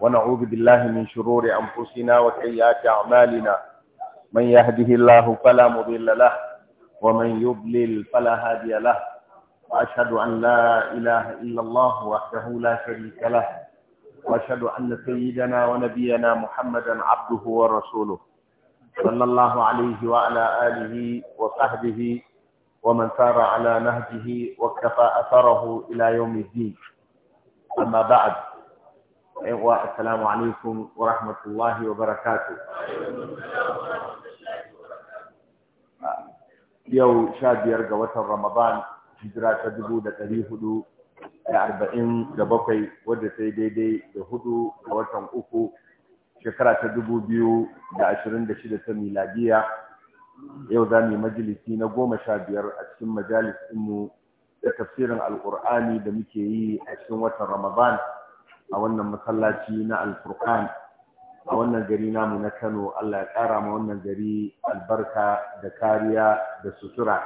ونعوذ بالله من شرور أنفسنا وسيئات أعمالنا من يهده الله فلا مضل له ومن يضلل فلا هادي له وأشهد أن لا إله إلا الله وحده لا شريك له وأشهد أن سيدنا ونبينا محمدا عبده ورسوله صلى الله عليه وعلى آله وصحبه ومن سار على نهجه واكتفى أثره إلى يوم الدين أما بعد wa assalamu alaikum wa rahmatullahi wa barakatuh yau sha biyar ga watan ramadan hijira ta dubu da ɗari hudu da arba'in da bakwai wadda sai daidai da hudu ga watan uku shekara ta dubu biyu da ashirin da shida ta miladiya yau za mu yi majalisi na goma sha biyar a cikin majalisinmu da tafsirin alkur'ani da muke yi a cikin watan ramadan a wannan masallaci na Alfurkan, a wannan gari namu na Kano Allah ya ƙara ma wannan gari albarka da kariya da sutura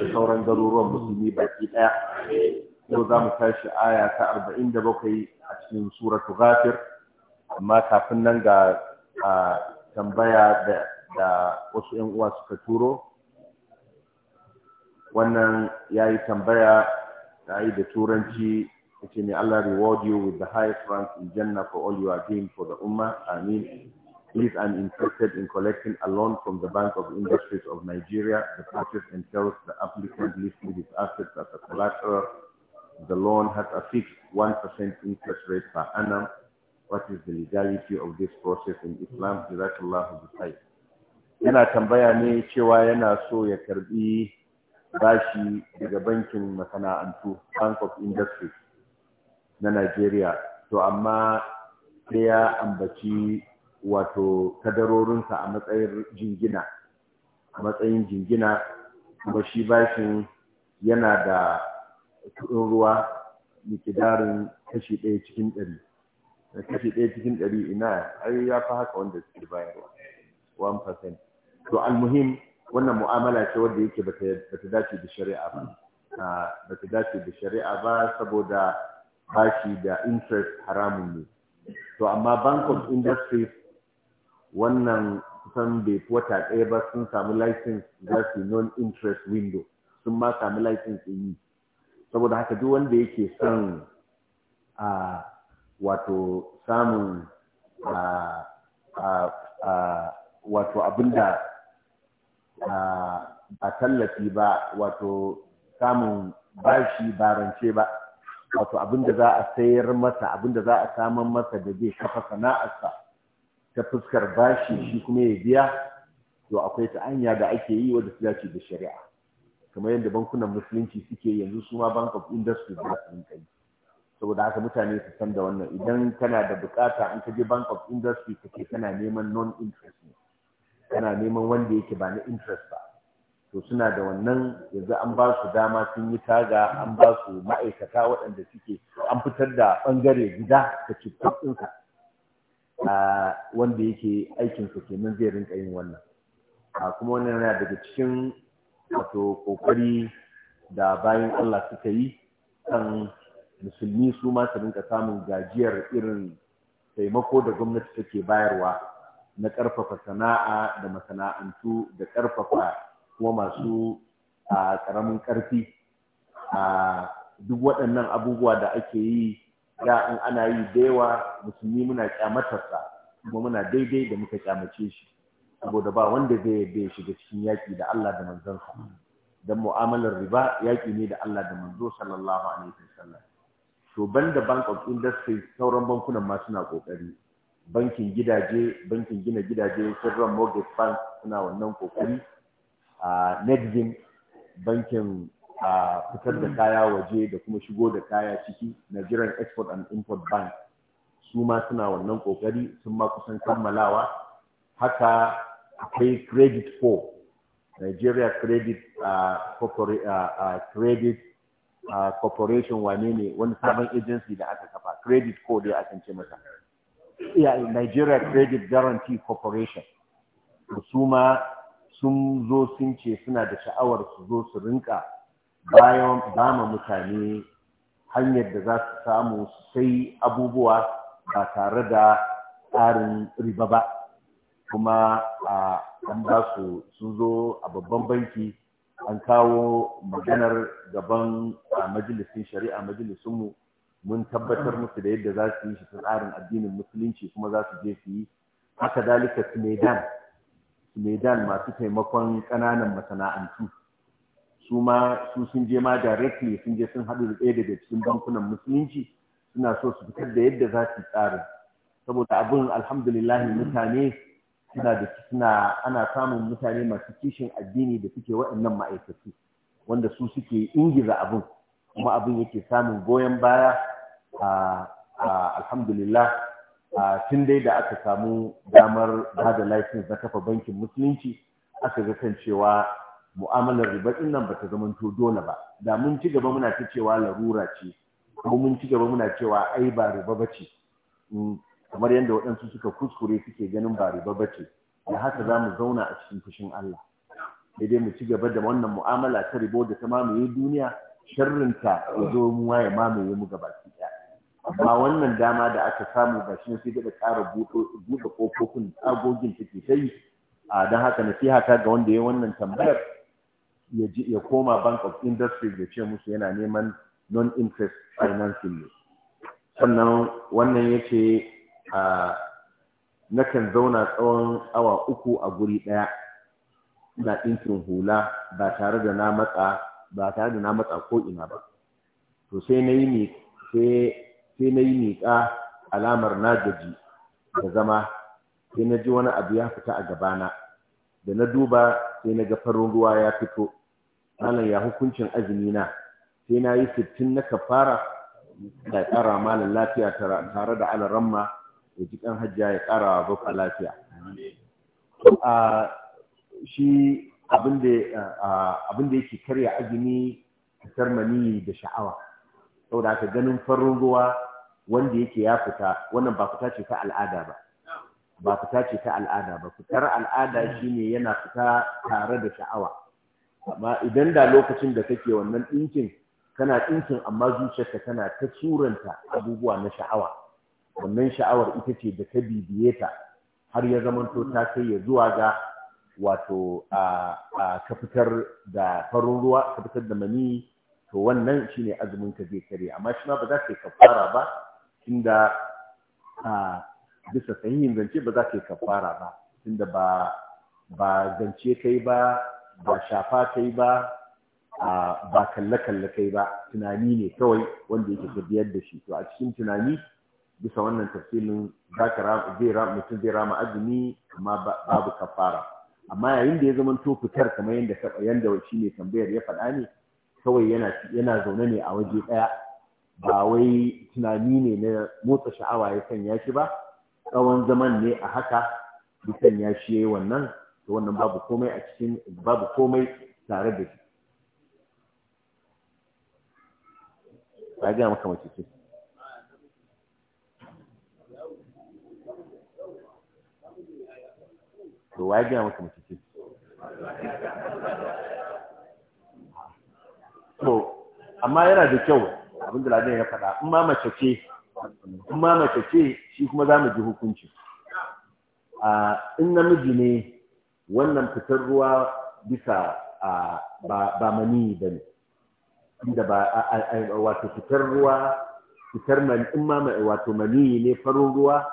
da sauran garuruwan musulmi baki ɗaya yau za mu tashi aya ta arba'in da bakwai a cikin suratu ghafir amma kafin nan ga tambaya da wasu 'yan uwa suka turo wannan ya yi tambaya ta yi da turanci Okay, may Allah reward you with the highest rank in Jannah for all you are doing for the Ummah. Ameen. Please, I'm interested in collecting a loan from the Bank of Industries of Nigeria. The process entails the applicant listing his assets as a collateral. The loan has a fixed 1% interest rate per annum. What is the legality of this process in Islam? Jazakallahu khairan. Yana tambaya ne cewa yana so ya karbi bashi daga bankin masana'antu, Bank of Industries. na Najeriya to amma sai ya ambaci wato kadarorinsa a matsayin jingina a matsayin jingina kuma shi bashin yana da kudin ruwa mikidarin kashi ɗaya cikin ɗari kashi ɗaya cikin ɗari ina ai ya fi haka wanda suke bayarwa 1% to almuhim wannan mu'amala ce wadda yake bata dace da shari'a ba ah, bata dace da shari'a ba saboda bashi da interest haramun ne to amma bank of industries wannan kusan bai wata ɗaya ba sun samu license za su non interest window sun ma samu license yi saboda haka duk wanda yake son a wato samun a a wato abinda a tallafi ba wato samun bashi ba rance ba wato abin da za a sayar masa abin da za a saman masa da zai kafa sana'arsa ta fuskar bashi shi kuma ya biya to akwai ta hanya da ake yi wadda su dace da shari'a kamar yadda bankunan musulunci suke yanzu su ma bank of industry za su saboda haka mutane su san da wannan idan kana da bukata in ka je bank of industry kake kana neman non interest ne kana neman wanda yake ba na interest ba to suna da wannan yanzu an ba su dama sun yi taga an ba su ma'aikata waɗanda suke an fitar da ɓangare gida ta cikin a wanda yake aikinsa kenan zai rinka yin wannan kuma wannan yana daga cikin wato ƙoƙari da bayan Allah suka yi kan musulmi su ma su rinka samun gajiyar irin taimako da gwamnati take bayarwa na ƙarfafa sana'a da masana'antu da ƙarfafa kuma masu a karamin karfi a duk waɗannan abubuwa da ake yi da in ana yi da yawa musulmi muna kyamatarsa kuma muna daidai da muka kyamace shi saboda ba wanda zai yarda ya shiga cikin yaƙi da Allah da manzansa dan mu'amalar riba yaƙi ne da Allah da manzo sallallahu alaihi wasallam to banda bank of industry sauran bankunan ma suna kokari bankin gidaje bankin gina gidaje sirran mortgage bank suna wannan kokari nedvin bankin fitar da kaya waje da kuma shigo da kaya ciki nigerian export and import bank su ma suna wannan kokari sun ma kusan kammalawa haka akwai credit for nigeria credit credit corporation wane ne wani sabon agency da aka kafa credit co dai akan ce mata nigeria credit guarantee corporation su ma sun zo sun ce suna da sha'awar su zo su rinka bayan ma mutane hanyar da za su samu su sai abubuwa ba tare da tsarin riba ba kuma an ba su sun zo a babban banki an kawo maganar gaban a majalisin shari'a majalisunmu. mun tabbatar musu da yadda za su yi shi ta tsarin addinin musulunci kuma za su je su yi haka dalika su sumedan masu taimakon ƙananan masana'antu su ma su sun je ma directly sun je sun haɗu da ɗaya daga cikin bankunan musulunci suna so su fitar da yadda za su tsarin saboda abin alhamdulillah mutane suna da suna ana samun mutane masu kishin addini da suke waɗannan ma'aikatu wanda su suke ingiza abin kuma abin yake samun goyon baya a alhamdulillah a tun dai da aka samu damar ba da license na kafa bankin musulunci aka ga kan cewa mu'amalar riba din nan bata zamanto dole ba da mun ci gaba muna ta cewa larura ce ko mun ci gaba muna cewa ai ba riba bace mm, kamar yadda waɗansu suka kuskure suke ganin ba riba bace da haka za mu zauna a cikin fushin Allah sai dai mu ci gaba da wannan mu'amala ta ribo da ta mamaye duniya sharrinta ya zo mu ya mamaye mu gabaki ɗaya amma wannan dama da aka samu ba shi sai daga tsara buɗe ƙofofin agogin take ta yi a don haka nasiha ta ga wanda ya wannan tambayar ya koma bank of Industry ya ce musu yana neman non-interest financing ne sannan wannan ya ce na kan zauna tsawon awa uku a guri ɗaya na ɗinkin hula ba tare da na matsa ba ko ina ba to sai na yi ne sai sai na yi miƙa alamar na gaji da zama sai na ji wani abu ya fita a gabana da na duba sai na ga farin ruwa ya fito malam ya hukuncin azumi na sai na yi sittin na kafara da ƙara malam lafiya tare da alaramma ya ji ɗan hajja ya ƙara wa baka lafiya shi abin da yake karya azumi a tarmani da sha'awa saboda aka ganin farin ruwa wanda yake ya fita wannan ba fita ce ta al'ada ba ba fita ce ta al'ada ba fitar al'ada shine yana fita tare da sha'awa amma idan da lokacin da kake wannan ɗinkin kana ɗinkin amma zuciyarka tana ta suranta abubuwa na sha'awa wannan sha'awar ita ce da ta bibiye ta har ya zamanto ta kai ya zuwa ga wato a ka fitar da farin ruwa ka fitar da mani to wannan shine azumin ka zai kare amma shi ma ba za ka yi kafara ba inda a bisa sahihin zance ba za ka yi kafara ba inda ba zance kai ba ba shafa kai ba ba kalle-kalle kai ba tunani ne kawai wanda yake tafiyar da shi to a cikin tunani bisa wannan tafsirin mutum zai rama azumi amma babu kafara amma yayin da ya zama to fitar kamar yadda yanda shi ne tambayar ya faɗa ne kawai yana zaune ne a waje ɗaya ba wai tunani ne na motsa sha'awa ya sanya shi ba tsawon zaman ne a haka ya sanya shi ya yi wannan to wannan babu komai a cikin babu komai tare da shi ba ga maka mace ce to wa ga maka mace ce to amma yana da kyau abin da ladan ya faɗa in ma mace ce in ma mace ce shi kuma za mu ji hukunci a in namiji ne wannan fitar ruwa bisa ba mani ba ne inda ba wato fitar ruwa fitar mani in ma wato mani ne farin ruwa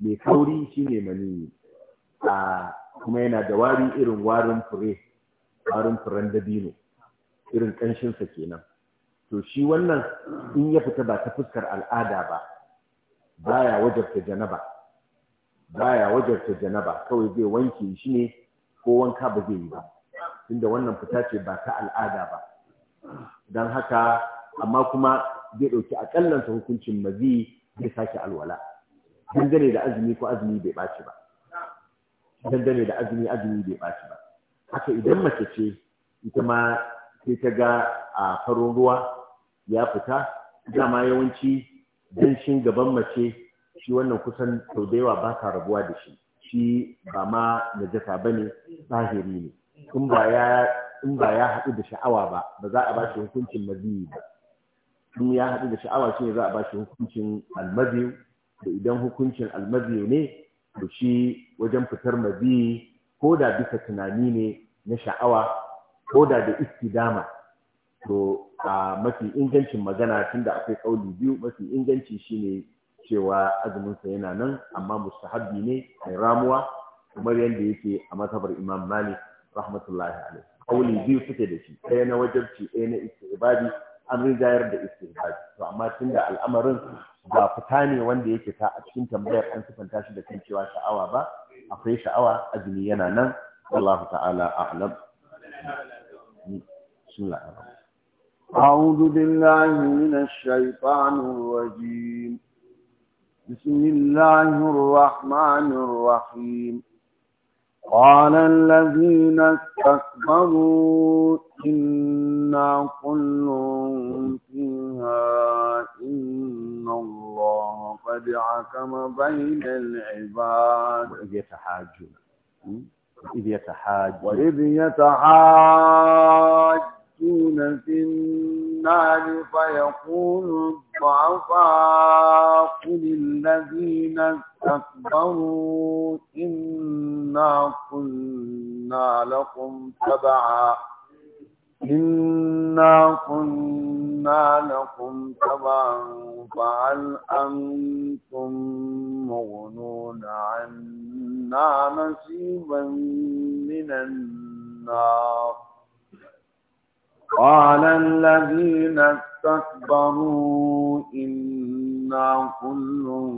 mai kauri shine mani a kuma yana da wari irin warin fure warin furen dabino irin ƙanshinsa kenan to shi wannan in ya fita ba ta fuskar al'ada ba baya wajarta janaba baya wajarta janaba kawai zai wanke shi ne ko wanka ba zai yi ba tunda wannan fita ce ba ta al'ada ba don haka amma kuma zai ɗauki akallansa hukuncin mazi zai sake alwala dangane da azumi ko azumi bai ɓaci ba dangane da azumi azumi bai ɓaci ba haka idan mace ce ita ma sai ta ga a farin ruwa ya fita dama yawanci danshin gaban mace shi wannan kusan sau da yawa ba rabuwa da shi shi ba ma najasa ba ne zahiri ne in ba ya haɗu da sha'awa ba ba za a ba shi hukuncin maziyi ba in ya haɗu da sha'awa shi ne za a ba shi hukuncin almaziyu da idan hukuncin almaziyu ne to shi wajen fitar maziyi ko da bisa tunani ne na sha'awa ko da da istidama to a mafi ingancin magana tun da akwai kauli biyu mafi inganci shine cewa azuminsa yana nan amma mustahabbi ne mai ramuwa kamar yadda yake a masabar Imam Malik rahmatullahi alaihi kauli biyu suke da shi ɗaya na wajabci ɗaya na istihbabi an rigayar da istihbabi to amma tun da al'amarin ba fita ne wanda yake ta a cikin tambayar an sifanta shi da kan cewa sha'awa ba akwai sha'awa azumi yana nan والله ta'ala a'lam. أعوذ بالله من الشيطان الرجيم بسم الله الرحمن الرحيم قال الذين استكبروا إنا كل فيها إن الله قد حكم بين العباد وإذ يتحاجون وإذ يتحاجون وإذ يتحاجون يلقون في النار فيقول الضعفاء للذين استكبروا إنا كنا لكم تبعا إنا كنا لكم تبعا فهل أنتم مغنون عنا نصيبا من النار قال الذين استكبروا إنا كل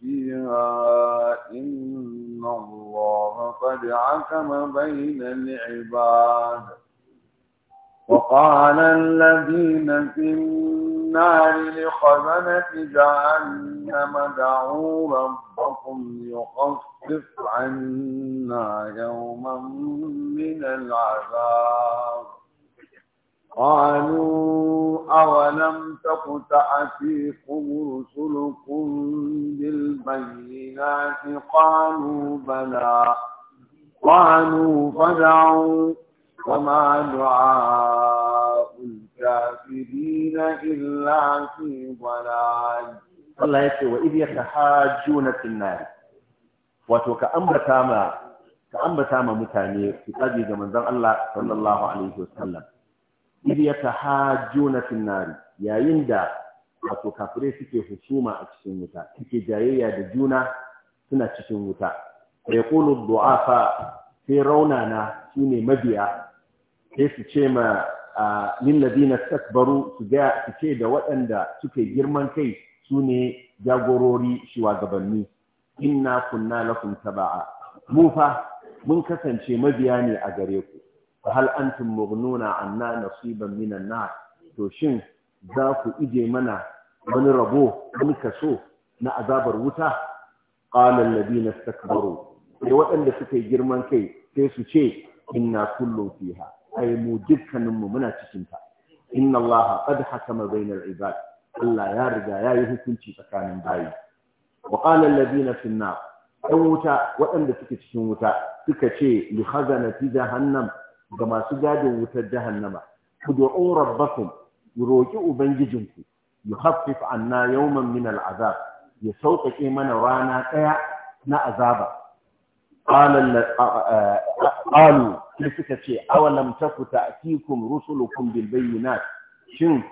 فيها إن الله قد حكم بين العباد وقال الذين في النار لخزنة جهنم دعوا ربكم يخفف عنا يوما من العذاب قالوا أولم تك تأتيكم رسلكم بالبينات قالوا بلى قالوا فدعوا وما دعاء الكافرين إلا في ضلال الله يكفي وإذ يتحاجون في النار أمر تاما كأمر تاما متاني في قدر من الله صلى الله عليه وسلم idh ha fin nar yayin da wato kafirai suke husuma a cikin wuta suke jayayya da juna suna cikin wuta kulu du'afa sai raunana shine mabiya sai su ce ma lilladina takbaru su ga su ce da waɗanda suke girman kai su ne jagorori shugabanni inna kunna lakum taba'a mu fa mun kasance mabiya ne a gare ku fa hal antum mughnuna anna nasiban minan nar to shin za ku ije mana wani rabo wani kaso na azabar wuta qala alladhina istakbaru sai waɗanda suka yi girman kai sai su ce inna kullun fiha ai mu dukkaninmu muna cikin ta inna allaha qad hakama bainal ibad Allah ya riga ya yi hukunci tsakanin bayi wa qala alladhina fi an-nar wuta waɗanda suke cikin wuta suka ce li khazanati jahannam ga masu gadin wutar jahannama ud'u ku roƙi ubangijinku yuhaffif anna yawman min al'azab ya sauƙaƙe mana rana ɗaya na azaba Alu sai suka ce awalam taku ta'tikum a bil rusulukun shin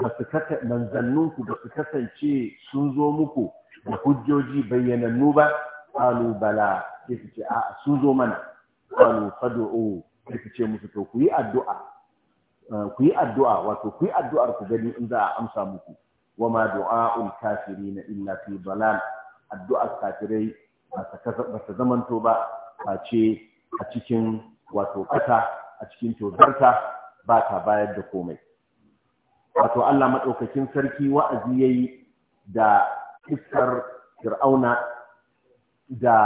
na su manzanninku ba su kasance sun zo muku da hujjoji bayyanannu ba qalu bala sai su ce a sun zo mana qalu fad'u sai ku ce musu to ku yi addu'a eh, ku yi addu'a wato ku yi addu'ar ku gani in za a amsa muku wa ma du'a'ul kafirin illa fi dalal addu'ar kafirai ba ta zamanto ba a ce a cikin wato kasa a cikin tozarta ba ta bayar da komai wato Allah madaukakin sarki wa'azi yayi da kissar fir'auna da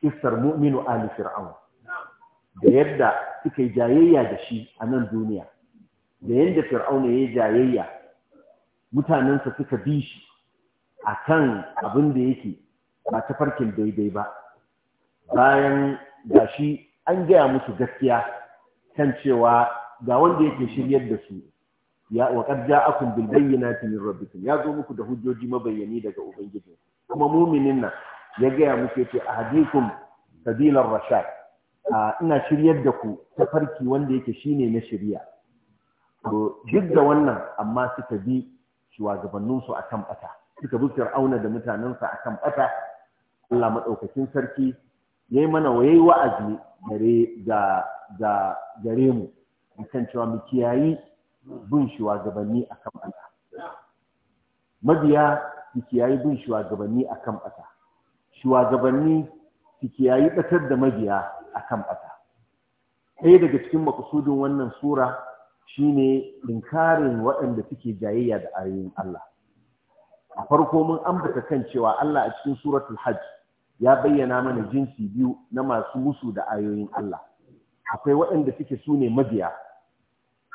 kissar mu'minu ali fir'auna da yadda suka yi jayayya da shi a nan duniya da yadda fir'auna ya yi jayayya mutanensa suka bi shi a kan abin da yake ba ta farkin daidai ba bayan ga shi an gaya musu gaskiya kan cewa ga wanda yake shiryar da su ya waƙar ja ja'akum bil bayyinati rabbitin ya zo muku da hujjoji mabayyani daga ubangiji kuma muminin nan ya gaya muku a hadikun sabilar rashad Ah, ina shiryar da ku tafarki wanda yake shine na shirya to duk da wannan amma suka bi a akan bata suka bi fir'auna da mutanensa akan bata Allah madaukakin sarki yayi mana wa wa'azi gare ga ga gare mu kan cewa mu kiyayi bin shugabanni akan bata mabiya su kiyayi bin shugabanni akan bata shugabanni su kiyayi batar da mabiya akan ɓata. ɗaya daga cikin makusudin wannan sura shine inkarin waɗanda suke jayayya da ayoyin Allah a farko mun ambata kan cewa Allah a cikin suratul hajj ya bayyana mana jinsi biyu na masu musu da ayoyin Allah akwai waɗanda suke su ne mabiya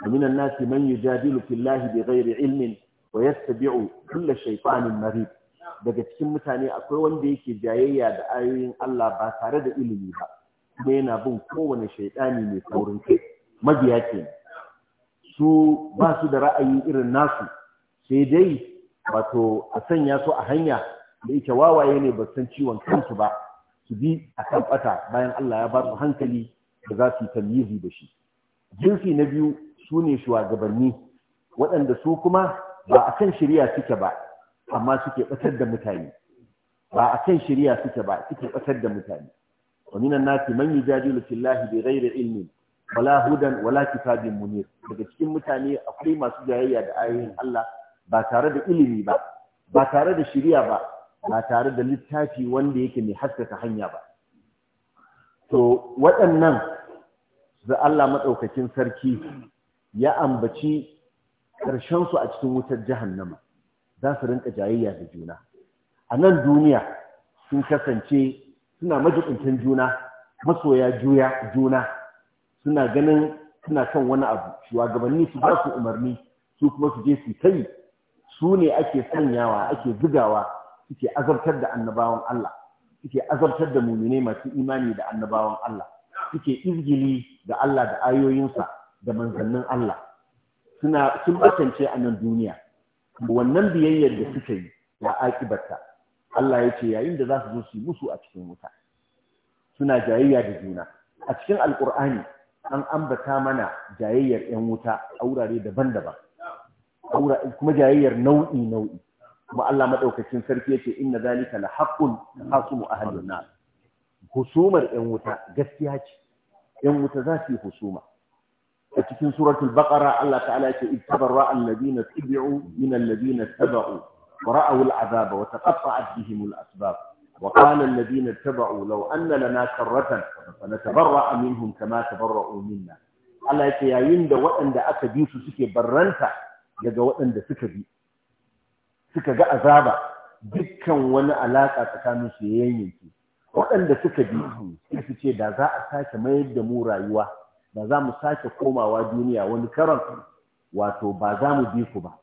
ومن nasi من يجادل fillahi da ilmin wa ويتبع kulla shaytanin marid. daga cikin mutane akwai wanda yake jayayya da ayoyin Allah ba tare da ilimi ba kuma yana bin kowane shaidani mai saurin kai mabiya ke su ba su da ra'ayi irin nasu sai dai wato a sanya su a hanya da ita wawaye ne ba san ciwon kansu ba su bi a kan bata bayan Allah ya ba su hankali da za su yi tamyizi da shi jinsi na biyu su ne shugabanni waɗanda su kuma ba a kan shirya suke ba amma suke ɓatar da mutane ba a kan shirya suke ba suke ɓatar da mutane ومن الناس من يجادل في الله بغير علم ولا هدى ولا كتاب منير daga cikin mutane akwai masu jayayya da ayoyin Allah ba tare da ilimi ba ba tare da shirya ba ba tare da littafi wanda yake mai haskaka hanya ba to waɗannan da Allah madaukakin sarki ya ambaci ƙarshen su a cikin wutar jahannama za su rinka jayayya da juna a nan duniya sun kasance suna majikuntan juna masoya juya juna suna ganin suna kan wani abu shugabanni su ba su umarni su kuma su je su kai su ne ake sanyawa ake zugawa suke azabtar da annabawan Allah suke azabtar da mumine masu imani da annabawan Allah suke izgili da Allah da ayoyinsa da manzannin Allah suna sun bakance a nan duniya wannan biyayyar da suke yi ya akibarta Allah ya ce yayin da za su zo su yi musu a cikin wuta suna jayayya da juna a cikin alkur'ani an ambata mana jayayyar 'yan wuta a wurare daban-daban kuma jayayyar nau'i-nau'i kuma Allah maɗaukacin sarki ya ce inna zalika la haqqun hasumu ahlun nar husumar 'yan wuta gaskiya ce 'yan wuta za su yi husuma a cikin suratul baqara Allah ta'ala ya ce ittabarra alladhina tabi'u min alladhina tabi'u ورأوا العذاب وتقطعت بهم الأسباب وقال الذين اتبعوا لو أن لنا كرة فنتبرأ منهم كما تبرأوا منا Allah yake yayin da waɗanda aka bi su suke barranta daga waɗanda suka ga azaba dukkan wani alaƙa tsakanin su ya yanyanke waɗanda suka bi sai su ce da za a sake mayar da mu rayuwa da za mu sake komawa duniya wani karon wato ba za mu bi ku ba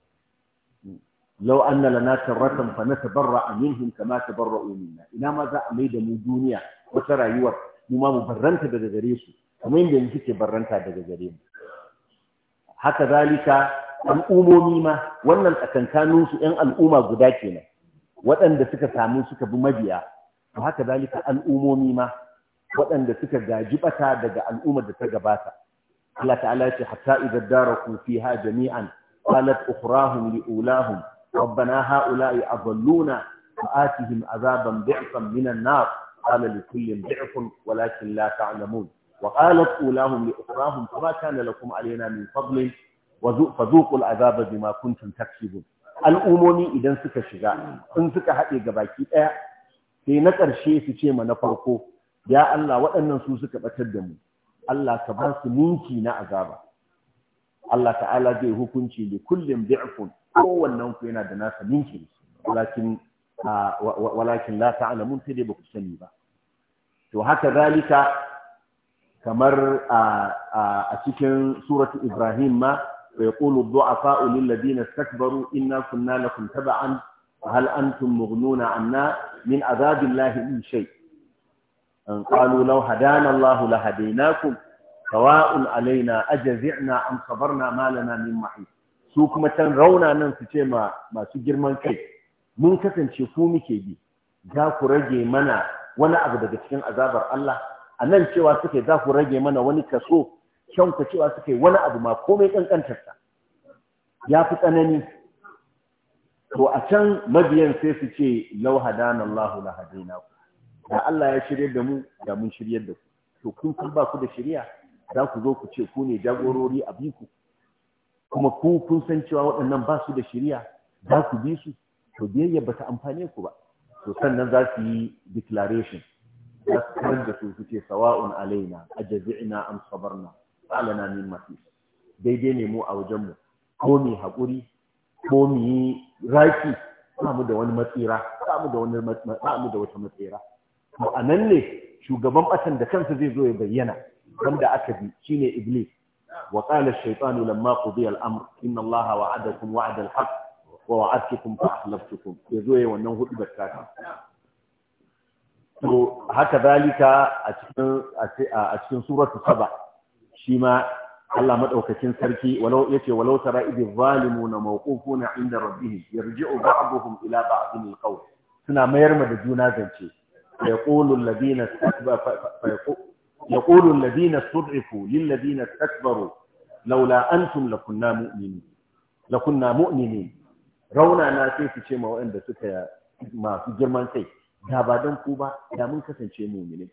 lau anna lana tarratan fa natabarra minhum kama tabarra'u minna ina ma za a mai da mu duniya wata rayuwar mu ma mu barranta daga gare su kamar yadda mu suke barranta daga gare mu haka zalika al'umomi ma wannan tsakankanin su ƴan al'umma guda kenan waɗanda suka samu suka bi mabiya to haka zalika al'umomi ma waɗanda suka gaji bata daga al'ummar da ta gabata Allah ta'ala ya ce hatta idan daraku fiha jami'an qalat ukhrahum li'ulahum. rabbana ha'ula'i adalluna fa'atihim azaban bi'san minan nar qala li kullin bi'fun walakin la ta'lamun wa qalat ulahum li ukhrahum fama kana lakum alaina min fadlin fazuqul azaba bima kuntum taksibun al'umomi idan suka shiga in suka haɗe ga baki ɗaya sai na ƙarshe su ce ma na farko ya Allah waɗannan su suka ɓatar da mu Allah ka ba su ninki na azaba Allah ta'ala zai hukunci da kullum bi'fun kowannen ku yana da nasa ninki walakin walakin la ta'lamun sai dai ba ku sani ba to haka zalika kamar a cikin suratu ibrahim ma wa yaqulu du'afa'u lil ladina istakbaru inna kunna lakum tab'an hal antum mughnuna anna min azabillahi min shay an qalu law hadana allah lahadaynakum sawa'un alaina ajza'na am sabarna ma lana min mahis su kuma can raunanan su ce masu girman kai mun kasance ku muke bi za ku rage mana wani abu daga cikin azabar Allah a nan cewa suke za ku rage mana wani kaso kyan ku cewa suke wani abu ma komai kankantarsa ya fi tsanani to a can mabiyan sai su ce lau na hadaina ku da Allah ya shirya da mu da mun shirya da ku to kun kun ba ku da shirya za ku zo ku ce ku ne jagorori a biku kuma ku kun san cewa waɗannan ba su da shirya za ku bi su to biyayya ba ta amfane ku ba to sannan za su yi declaration za su kamar da su su sawa'un alaina jazi'ina am sabarna alana min mafi daidai ne mu a wajen mu ko mu haƙuri ko mu yi raki ba mu da wani matsira ba mu da wani ba mu da wata matsira to anan ne shugaban batan da kansa zai zo ya bayyana wanda aka bi shine iblis وقال الشيطان لما قضي الأمر إن الله وعدكم وعد الحق ووعدتكم فأخلفتكم يزوي وأنه هو إبتاكم haka zalika a cikin suratu saba shi ma Allah madaukakin sarki walau yace walau tara idh zalimuna mawqufuna inda rabbihim yarji'u ba'dhum ila ba'dhin alqawl suna mayar ma da juna zance yaqulu alladhina istakbaru يقول الذين استضعفوا للذين استكبروا لولا أنتم لكنا مؤمنين لكنا مؤمنين rauna na sai su ce ma waɗanda suka masu girman kai da ba don ku ba da mun kasance mumini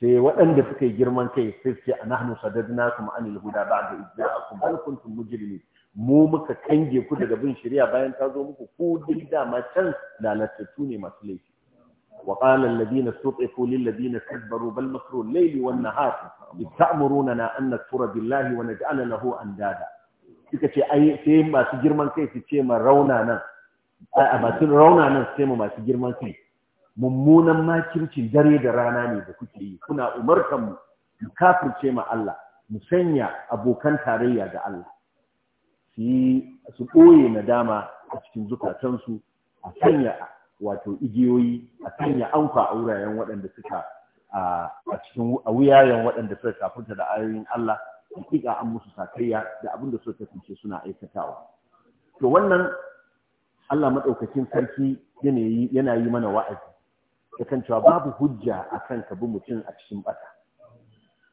sai waɗanda suka yi girman kai sai suke a nahnu sadadna kuma anil huda ba da izza akum bal kuntum mujrimin mu muka kange ku daga bin shari'a bayan ta zo muku ku duk da ma can lalatattu ne masu laifi وقال الذين استضعفوا للذين كبروا بل مكروا الليل والنهار إذ تأمروننا أن نكفر بالله ونجعل له أندادا suka ce sai masu girman kai su ce ma rauna nan a su ce ma masu girman kai mummunan makircin dare da rana ne da kuke yi kuna umarkan mu mu kafirce ma Allah mu sanya abokan tarayya da Allah su ɓoye nadama a cikin zukatansu a sanya wato igiyoyi a sanya anka a wuraren waɗanda suka a cikin a wuyayen waɗanda suka kafinta da ayoyin Allah hakika an musu sakayya da abin da suka kasance suna aikatawa to wannan Allah madaukakin sarki yana yi mana wa'azi da kan cewa babu hujja akan ka bi mutum a cikin bata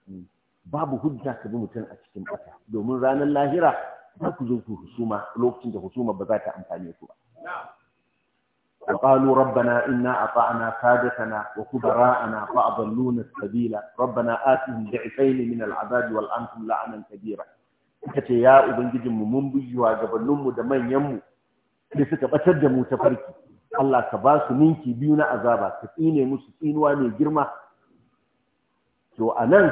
hmm. babu hujja ka bi mutum a cikin bata domin ranar lahira za ku zo ku husuma lokacin da husuma ba za ta amfane ku ba وقالوا ربنا إنا أطعنا سادتنا وكبراءنا فأضلونا السبيل ربنا آتهم ضعفين من العذاب والأنتم لعنا كبيرا kace ya ubangijin mu mun bujuwa gabanin mu da manyan mu da suka batar da mu ta farki Allah ka ba su ninki biyu na azaba ka tsine musu tsinuwa mai girma to anan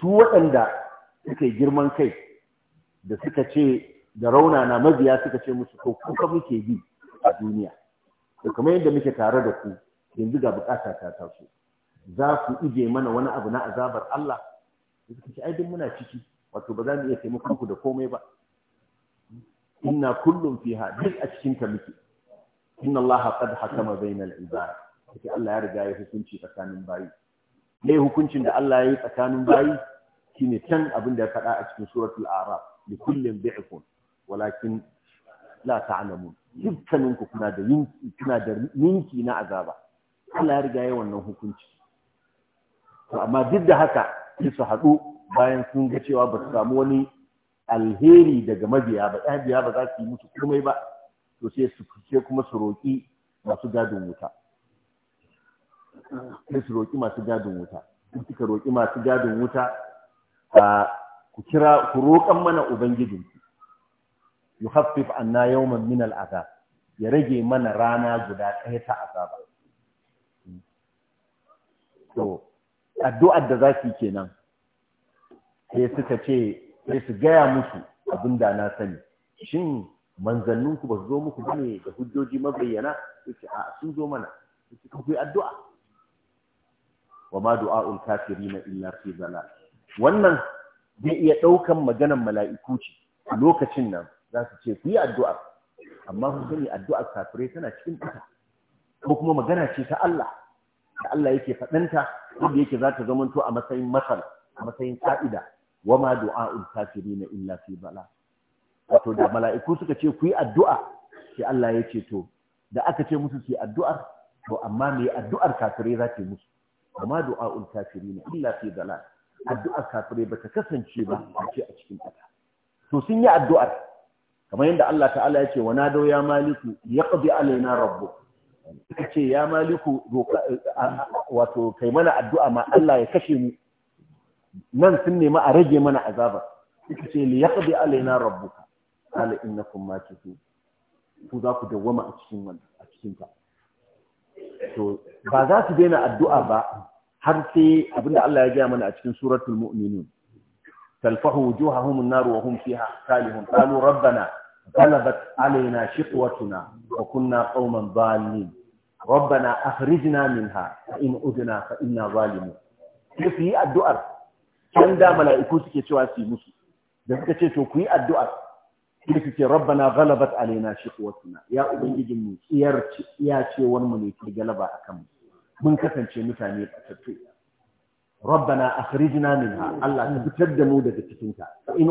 su waɗanda suke girman kai da suka ce da raunana mabiya suka ce musu ko kuka muke bi a duniya da kamar yadda muke tare da ku yanzu ga bukata ta taso za ku ije mana wani abu na azabar Allah da suka ce ai duk muna ciki wato ba za mu iya taimakon ku da komai ba inna kullum fiha duk a cikin ta muke inna Allah qad hakama bainal ibad yake Allah ya riga ya hukunci tsakanin bayi ne hukuncin da Allah ya yi tsakanin bayi shine can abin da ya faɗa a cikin suratul a'raf li kullin bi'fun walakin la ta'lamun dukkaninku kuna da yinki kuna da yinki na azaba Allah ya riga ya wannan hukunci to amma duk da haka sai su haɗu bayan sun ga cewa ba su samu wani alheri daga mabiya ba ɗan biya ba za su yi musu komai ba to sai su fice kuma su roƙi masu gadon wuta sai su roƙi masu gadon wuta in kika roƙi masu gadon wuta ku kira ku roƙan mana Ubangijin. yukhaffif anna yawman min al'azab ya rage mana rana guda ɗaya ta azaba to addu'ar da zaki kenan sai suka ce sai su gaya musu abin da na sani shin manzanninku ba su zo muku bane da hujjoji mabayyana yace a sun zo mana yace ku addu'a wa ma du'a'ul kafirina illa fi zalal wannan zai iya daukan maganar mala'iku ce lokacin nan za su ce ku yi addu'ar. amma kun sani addu'ar kafirai tana cikin ƙasa ko kuma magana ce ta Allah da Allah yake faɗanta wanda yake za ta zamanto a matsayin masal a matsayin ka'ida wa ma du'a'ul na illa fi bala wato da mala'iku suka ce ku yi addu'a sai Allah ya ce to da aka ce musu su addu'ar to amma me addu'ar kafirai za ta musu wa ma du'a'ul na illa fi bala addu'ar kafirai ba ta kasance ba a ce a cikin ƙasa to sun yi addu'ar kamar yadda Allah ta'ala ya ce wa nado ya maliku yaqdi alaina rabbu ce ya maliku wato kai mana addu'a ma Allah ya kashe mu nan sun nemi a rage mana azaba suka ce li yaqdi alaina rabbuka qala innakum makithun ku za ku dawwama a cikin ta to ba za su daina addu'a ba har sai abinda Allah ya gaya mana a cikin suratul mu'minun talfahu wujuhahum an-nar wa hum fiha kalihun qalu rabbana غلبت علينا شقوتنا وكنا قوما ظالمين ربنا اخرجنا منها فإن عدنا فانا ظالمون كيف هي كان دا ملائكو سكي تواسي musu? da suka ce to ku yi addu'a sai su ce rabbana ghalabat alaina shiqwatuna ya ubangijin mu tsiyar ya ce wani mu ne ke galaba akan mu mun kasance mutane batattu rabbana akhrijna minha Allah ka fitar da mu daga cikin in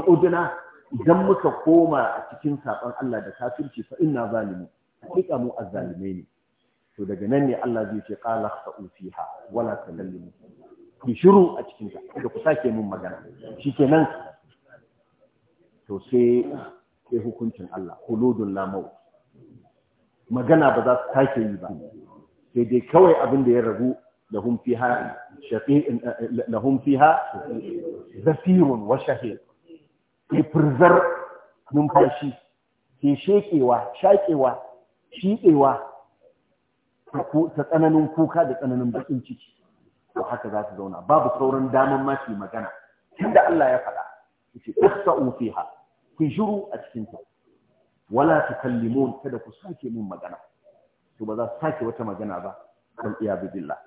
idan muka koma a cikin saƙon Allah da kafirci fa inna zalimu hakika mu azzalimai ne to daga nan ne Allah zai ce qala kha'u fiha wala takallimu ki shiru a cikin ta da ku sake mun magana shikenan to sai sai hukuncin Allah khuludun la maut magana ba za su sake yi ba sai dai kawai abin da ya ragu lahum fiha shafi'un lahum fiha zafirun wa shahid ya numfashi ke shekewa shaƙewa shiƙewa ta tsananin kuka da tsananin bakin ciki to haka za ta zauna babu sauran damar ma magana tunda Allah ya faɗa yace ihsa'u fiha ku shiru a cikin ta wala tukallimun kada ku sake min magana to ba za su sake wata magana ba kan iya bibilla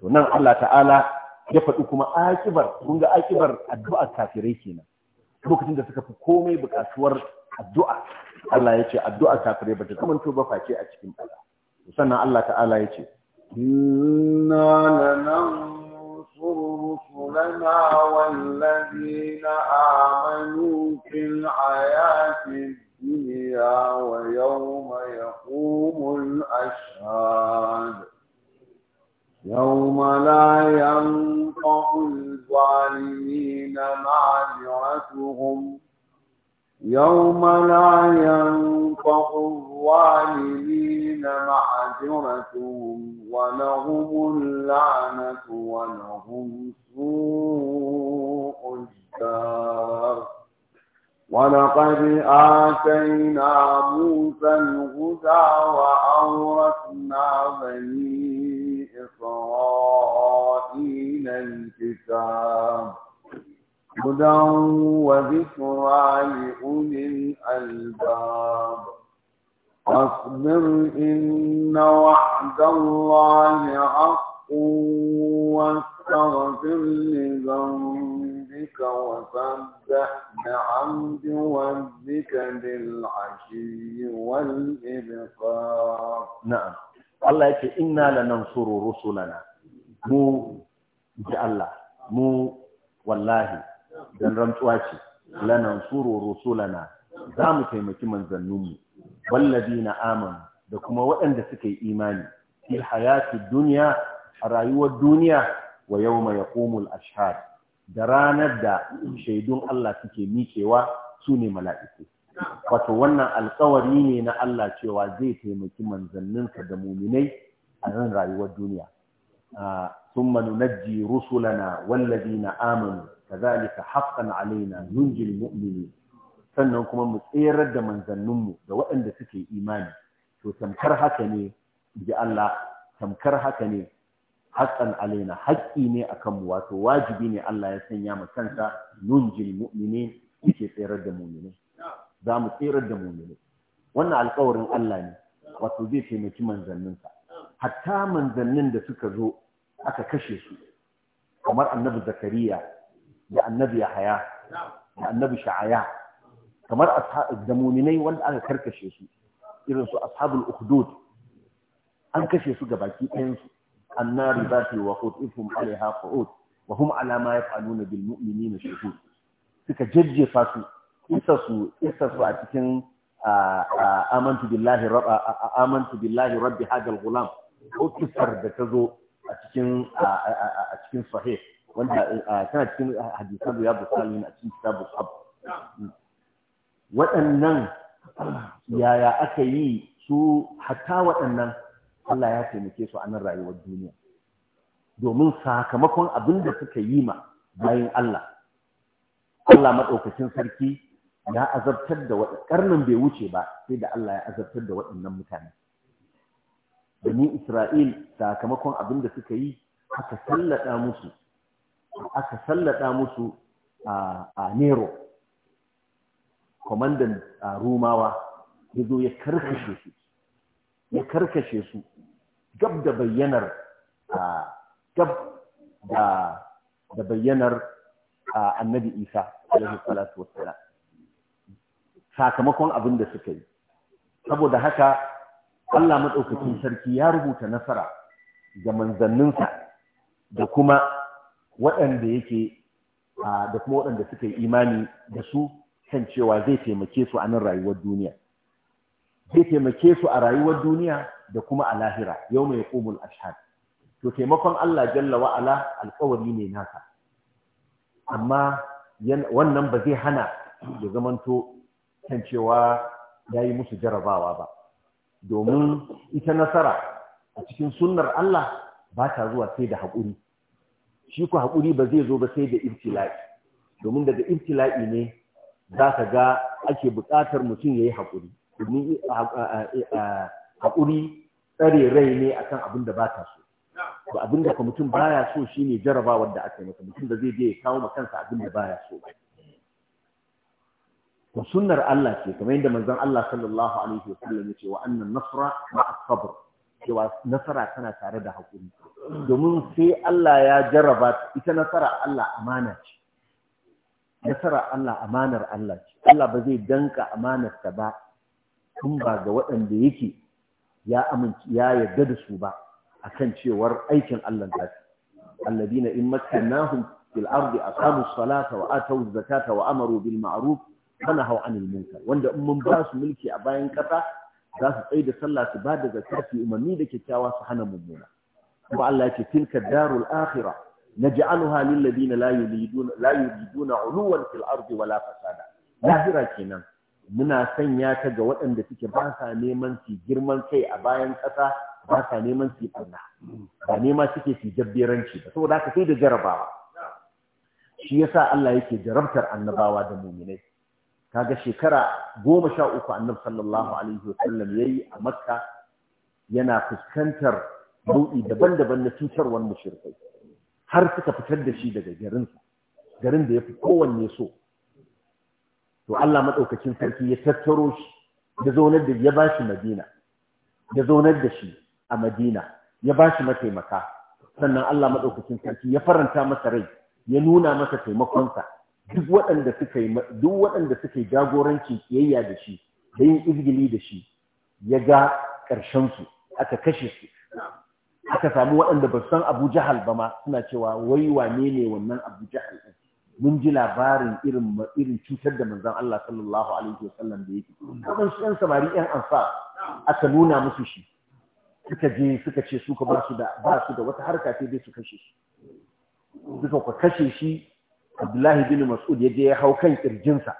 to nan Allah ta'ala ya faɗi kuma akibar kun ga akibar addu'ar kafirai kenan lokacin da suka fi komai bukatuwar addu'a Allah ya ce addu'a kafirai ba ta zamanto ba face a cikin bala sannan Allah ta'ala ya ce inna lanansuru rusulana wallazina amanu fil hayati dunya wa yawma yaqumul ashhad يوم لا ينفع الظالمين معذرتهم يوم لا ينفع الظالمين معذرتهم ولهم اللعنة ولهم سوء الدار ولقد آتينا موسى الهدى وأورثنا بني إسرائيل الكتاب هدى وذكرى لأولي الألباب فاصبر إن وعد الله حق واستغفر لذنبك وسبح بعمد ربك بالعشي والإبقار نعم Allah ya ce inna lanansuru rusulana mu ji Allah mu wallahi dan rantsuwa ce lanansuru rusulana za mu taimaki manzanninmu na amanu da kuma waɗanda suka yi imani fil hayati duniya a rayuwar duniya wa yawma yaqumul ashhad da ranar da shaidun Allah suke miƙewa su ne mala'iku wato wannan alkawari ne na Allah cewa zai taimaki manzanninsa da muminai a ran rayuwar duniya ثم ننجي رسلنا والذين آمنوا كذلك حقا علينا ننجي المؤمنين sannan kuma mu tserar da manzanninmu da waɗanda suke imani to tamkar haka ne ji Allah tamkar haka ne haqqan alaina haƙƙi ne akan mu wato wajibi ne Allah ya sanya mu kansa nunjil mu'minin yake tserar da muminai. za mu tsirar da mu'mini wannan alƙawarin Allah ne wato zai taimaki manzanninsa hatta manzannin da suka zo aka kashe su kamar annabi zakariya da annabi yahaya da annabi sha'aya kamar da muminai wanda aka karkashe su irin su ashabul ukhdud an kashe su ga baki ɗayansu su annari za ta yi wa qutifum alaiha qu'ud wa hum ala ma yaf'aluna bil mu'minina shuhud suka jajjefa su isasu su a cikin amantu billahi amantu billahi rabbi hadal gulam ko kisar da ta zo a cikin a cikin sahih wanda tana cikin hadisan da ya bukali a cikin kitabu sab waɗannan yaya aka yi su hatta waɗannan Allah ya taimake su a nan rayuwar duniya domin sakamakon abin da suka yi ma bayan Allah Allah maɗaukacin sarki Ya azabtar da waɗanda karnin bai wuce ba sai da Allah ya azabtar da waɗannan mutane bani Isra'il sakamakon abin da suka yi aka sallada musu aka musu a Nero Kwamandan Rumawa ya zo ya karkashe su ya karkashe su gab da bayyanar gab da bayyanar annabi Isa alaihi salatu wasu. sakamakon abin da suka yi saboda haka Allah maɗaukakin sarki ya rubuta nasara ga manzanninsa da kuma waɗanda yake da kuma waɗanda suka yi imani da su kan cewa zai taimake su a nan rayuwar duniya zai taimake su a rayuwar duniya da kuma a lahira yau mai ƙumul ashad to taimakon Allah jalla wa'ala alƙawari ne nasa amma wannan ba zai hana ya zamanto kan cewa ya yi musu jarabawa ba domin ita nasara a cikin sunnar Allah ba ta zuwa sai da haƙuri shi ku haƙuri ba zai zo ba sai da ibtila'i domin daga ibtila'i ne za ka ga ake buƙatar mutum ya yi haƙuri domin haƙuri tsare rai ne akan abin da ba ta so abin da mutum baya so shi ne jarabawar da aka yi mutum da zai je ya kawo ma kansa abin da baya so ba to sunnar Allah ce kamar yadda manzon Allah sallallahu alaihi ya ce wa annan nasra ma'a sabr cewa nasara tana tare da hakuri domin sai Allah ya jarraba ita nasara Allah amana ce nasara Allah amanar Allah ce Allah ba zai danka amanar ta ba tun ba ga waɗanda yake ya amince ya yarda da su ba akan cewar aikin Allah ta alladina in makkannahum fil ardi aqamu salata wa atu zakata wa amaru bil ma'ruf mana hau anil munkar wanda in mun ba su mulki a bayan kasa za su tsaye da sallah su ba da zakka su umarni da kyakkyawa su hana mummuna kuma Allah ya tilka darul akhirah naj'aluha lil ladina la yuriduna la yuriduna uluwan fil ardi wala fasada lahira kenan muna sanya ta ga waɗanda suke ba sa neman su girman kai a bayan kasa ba sa neman su ɓanna ba nema suke su jabberanci ba saboda haka sai da jarabawa shi yasa Allah yake jarabtar annabawa da muminai kaga shekara goma sha uku annabi sallallahu alaihi sallam yayi a makka yana fuskantar nau'i daban-daban na cutarwar mushrikai har suka fitar da shi daga garin garin da yafi kowanne so to Allah madaukakin sarki ya tattaro shi ya zaunar da ya bashi Madina ya zaunar da shi a Madina ya bashi mataimaka sannan Allah madaukakin sarki ya faranta masa rai ya nuna masa taimakonsa duk waɗanda suka yi duk waɗanda suka yi jagorancin kiyayya da shi da yin izgili da shi ya ga ƙarshen su aka kashe su aka samu waɗanda ba san Abu Jahal ba ma suna cewa wai wane ne wannan Abu Jahal mun ji labarin irin irin cutar da manzon Allah sallallahu alaihi wasallam da yake kaman su yan samari yan ansa aka nuna musu shi suka je suka ce su ka bar su da ba su da wata harka sai dai su kashe shi suka kashe shi abdullahi bin mas'ud ya je ya hau kan kirjinsa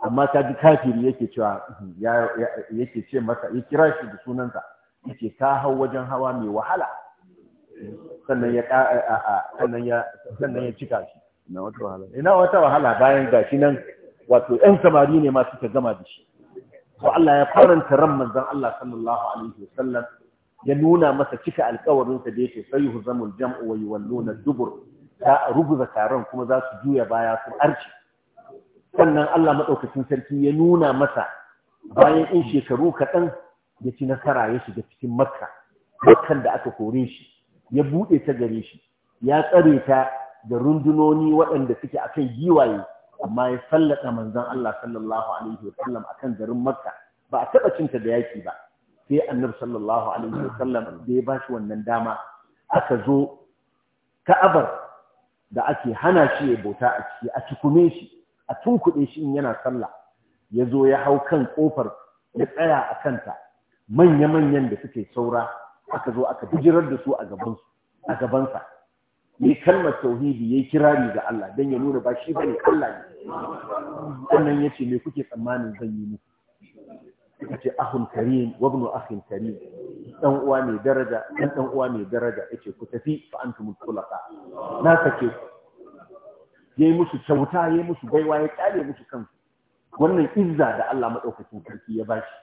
amma ta ji kafiri yake cewa yake ce masa ya kira shi da sunansa yake ka hau wajen hawa mai wahala sannan ya sannan ya sannan ya cika shi ina wata wahala ina wata wahala bayan gashi nan wato ɗan samari ne ma suka gama da shi to Allah ya faranta ran manzon Allah sallallahu alaihi wasallam ya nuna masa cika alƙawarinsa da yake sayuhu zamul jam'u wa yuwalluna dubur za a ruguza taron kuma za su juya baya su arci sannan Allah maɗaukacin sarki ya nuna masa bayan in shekaru kaɗan ya ci nasara ya shiga cikin makka makkan da aka kore shi ya buɗe ta gare shi ya tsare ta da rundunoni waɗanda suke akan giwaye amma ya sallata manzon Allah sallallahu alaihi wa sallam kan garin makka ba a taɓa cinta da yaki ba sai annabi sallallahu alaihi wa sallam da ya shi wannan dama aka zo ka'abar da ake hana shi ya bauta a ciki a tukume shi a tunkuɗe shi in yana sallah ya zo ya hau kan ƙofar ya tsaya a kanta manya-manyan da suke saura aka zo aka bijirar da su a gabansa ya kalmar tauhidi ya kirari ga Allah don ya nuna ba shi ne Allah ne wannan ya ce me kuke tsammanin zan yi muku ya ce ahun karim wabnu ahun karim dan uwa mai daraja dan dan uwa mai daraja yace ku tafi fa antum tulqa na sake yayi musu kyauta yayi musu gaiwa ya kare musu kansu wannan izza da Allah madaukakin sarki ya bashi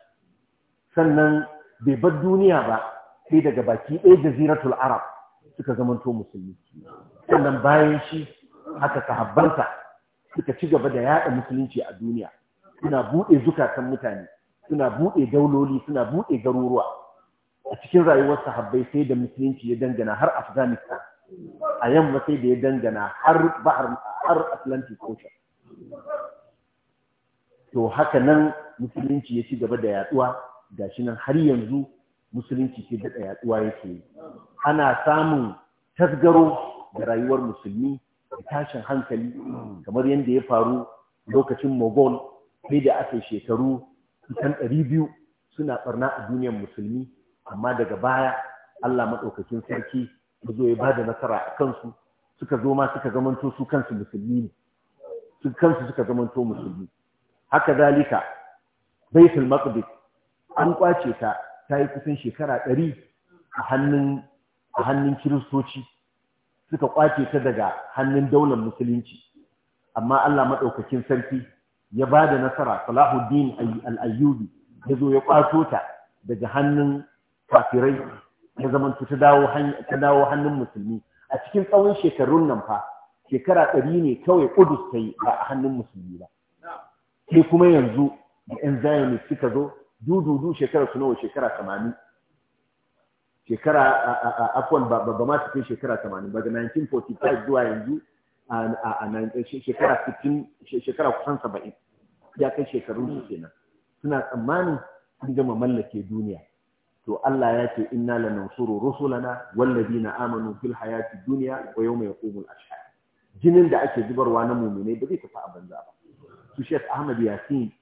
sannan bai bar duniya ba sai daga baki ɗaya jaziratul arab suka zamanto musulmi sannan bayan shi haka sahabbansa suka ci gaba da yada musulunci a duniya suna buɗe zukatan mutane suna buɗe dauloli suna buɗe garuruwa a cikin rayuwar sahabbai sai da musulunci ya dangana har afghanistan a yamma sai da ya dangana har bahar har atlantic ocean to haka nan musulunci ya ci gaba da yaduwa shi nan har yanzu musulunci ke daɗa yaduwa yake ana samun tasgaro da rayuwar musulmi da tashin hankali kamar yadda ya faru lokacin mogol sai da aka shekaru kusan ɗari biyu suna ɓarna a duniyar musulmi amma daga baya Allah maɗaukakin sarki ya zo ya ba da nasara a kansu suka zo ma suka zamanto su kansu musulmi ne su kansu suka zamanto musulmi haka zalika baitul maqdis an kwace ta ta yi kusan shekara ɗari a hannun a hannun kiristoci suka kwace ta daga hannun daular musulunci amma Allah maɗaukakin sarki ya ba da nasara Salahuddin al-Ayyubi ya zo ya kwato ta daga hannun kafirai ya zama ta dawo hannun musulmi a cikin tsawon shekarun nan fa shekara ɗari ne kawai kudus ta yi a hannun musulmi ba sai kuma yanzu da yan zionist suka zo dududu shekara su nawa shekara tamanin shekara afwan ba ma su kai shekara tamanin ba da 1945 zuwa yanzu shekara 60 shekara kusan 70 ya kai shekarun su kenan suna tsammanin sun gama mallake duniya to Allah ya ce inna lanansuru rusulana wallazina amanu fil hayati dunya wa yawma yaqumul ashhad jinin da ake zubarwa na mu'minai ba zai tafi a banza ba su Sheikh Ahmad Yasin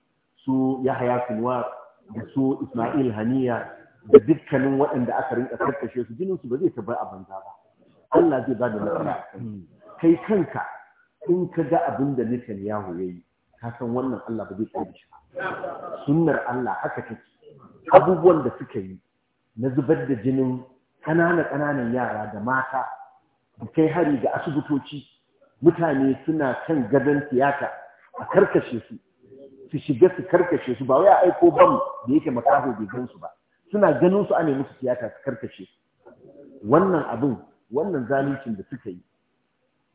su Yahya Sinwar da su Ismail Haniya da dukkanin waɗanda aka rinka karkashe su jinin su ba zai tafi a banza ba Allah zai bada nasara kai kanka in ka ga abin da ya yayi ka san wannan Allah ba zai tsare shi ba sunnar Allah haka take abubuwan da suka yi na zubar da jinin ƙanana-ƙananan yara da mata da kai hari ga asibitoci mutane suna kan gadon tiyata a karkashe su su shiga su karkashe su ba wai a aiko bam da yake makaho bai gan su ba suna ganin su ana musu tiyata su karkashe su wannan abin wannan zaluncin da suka yi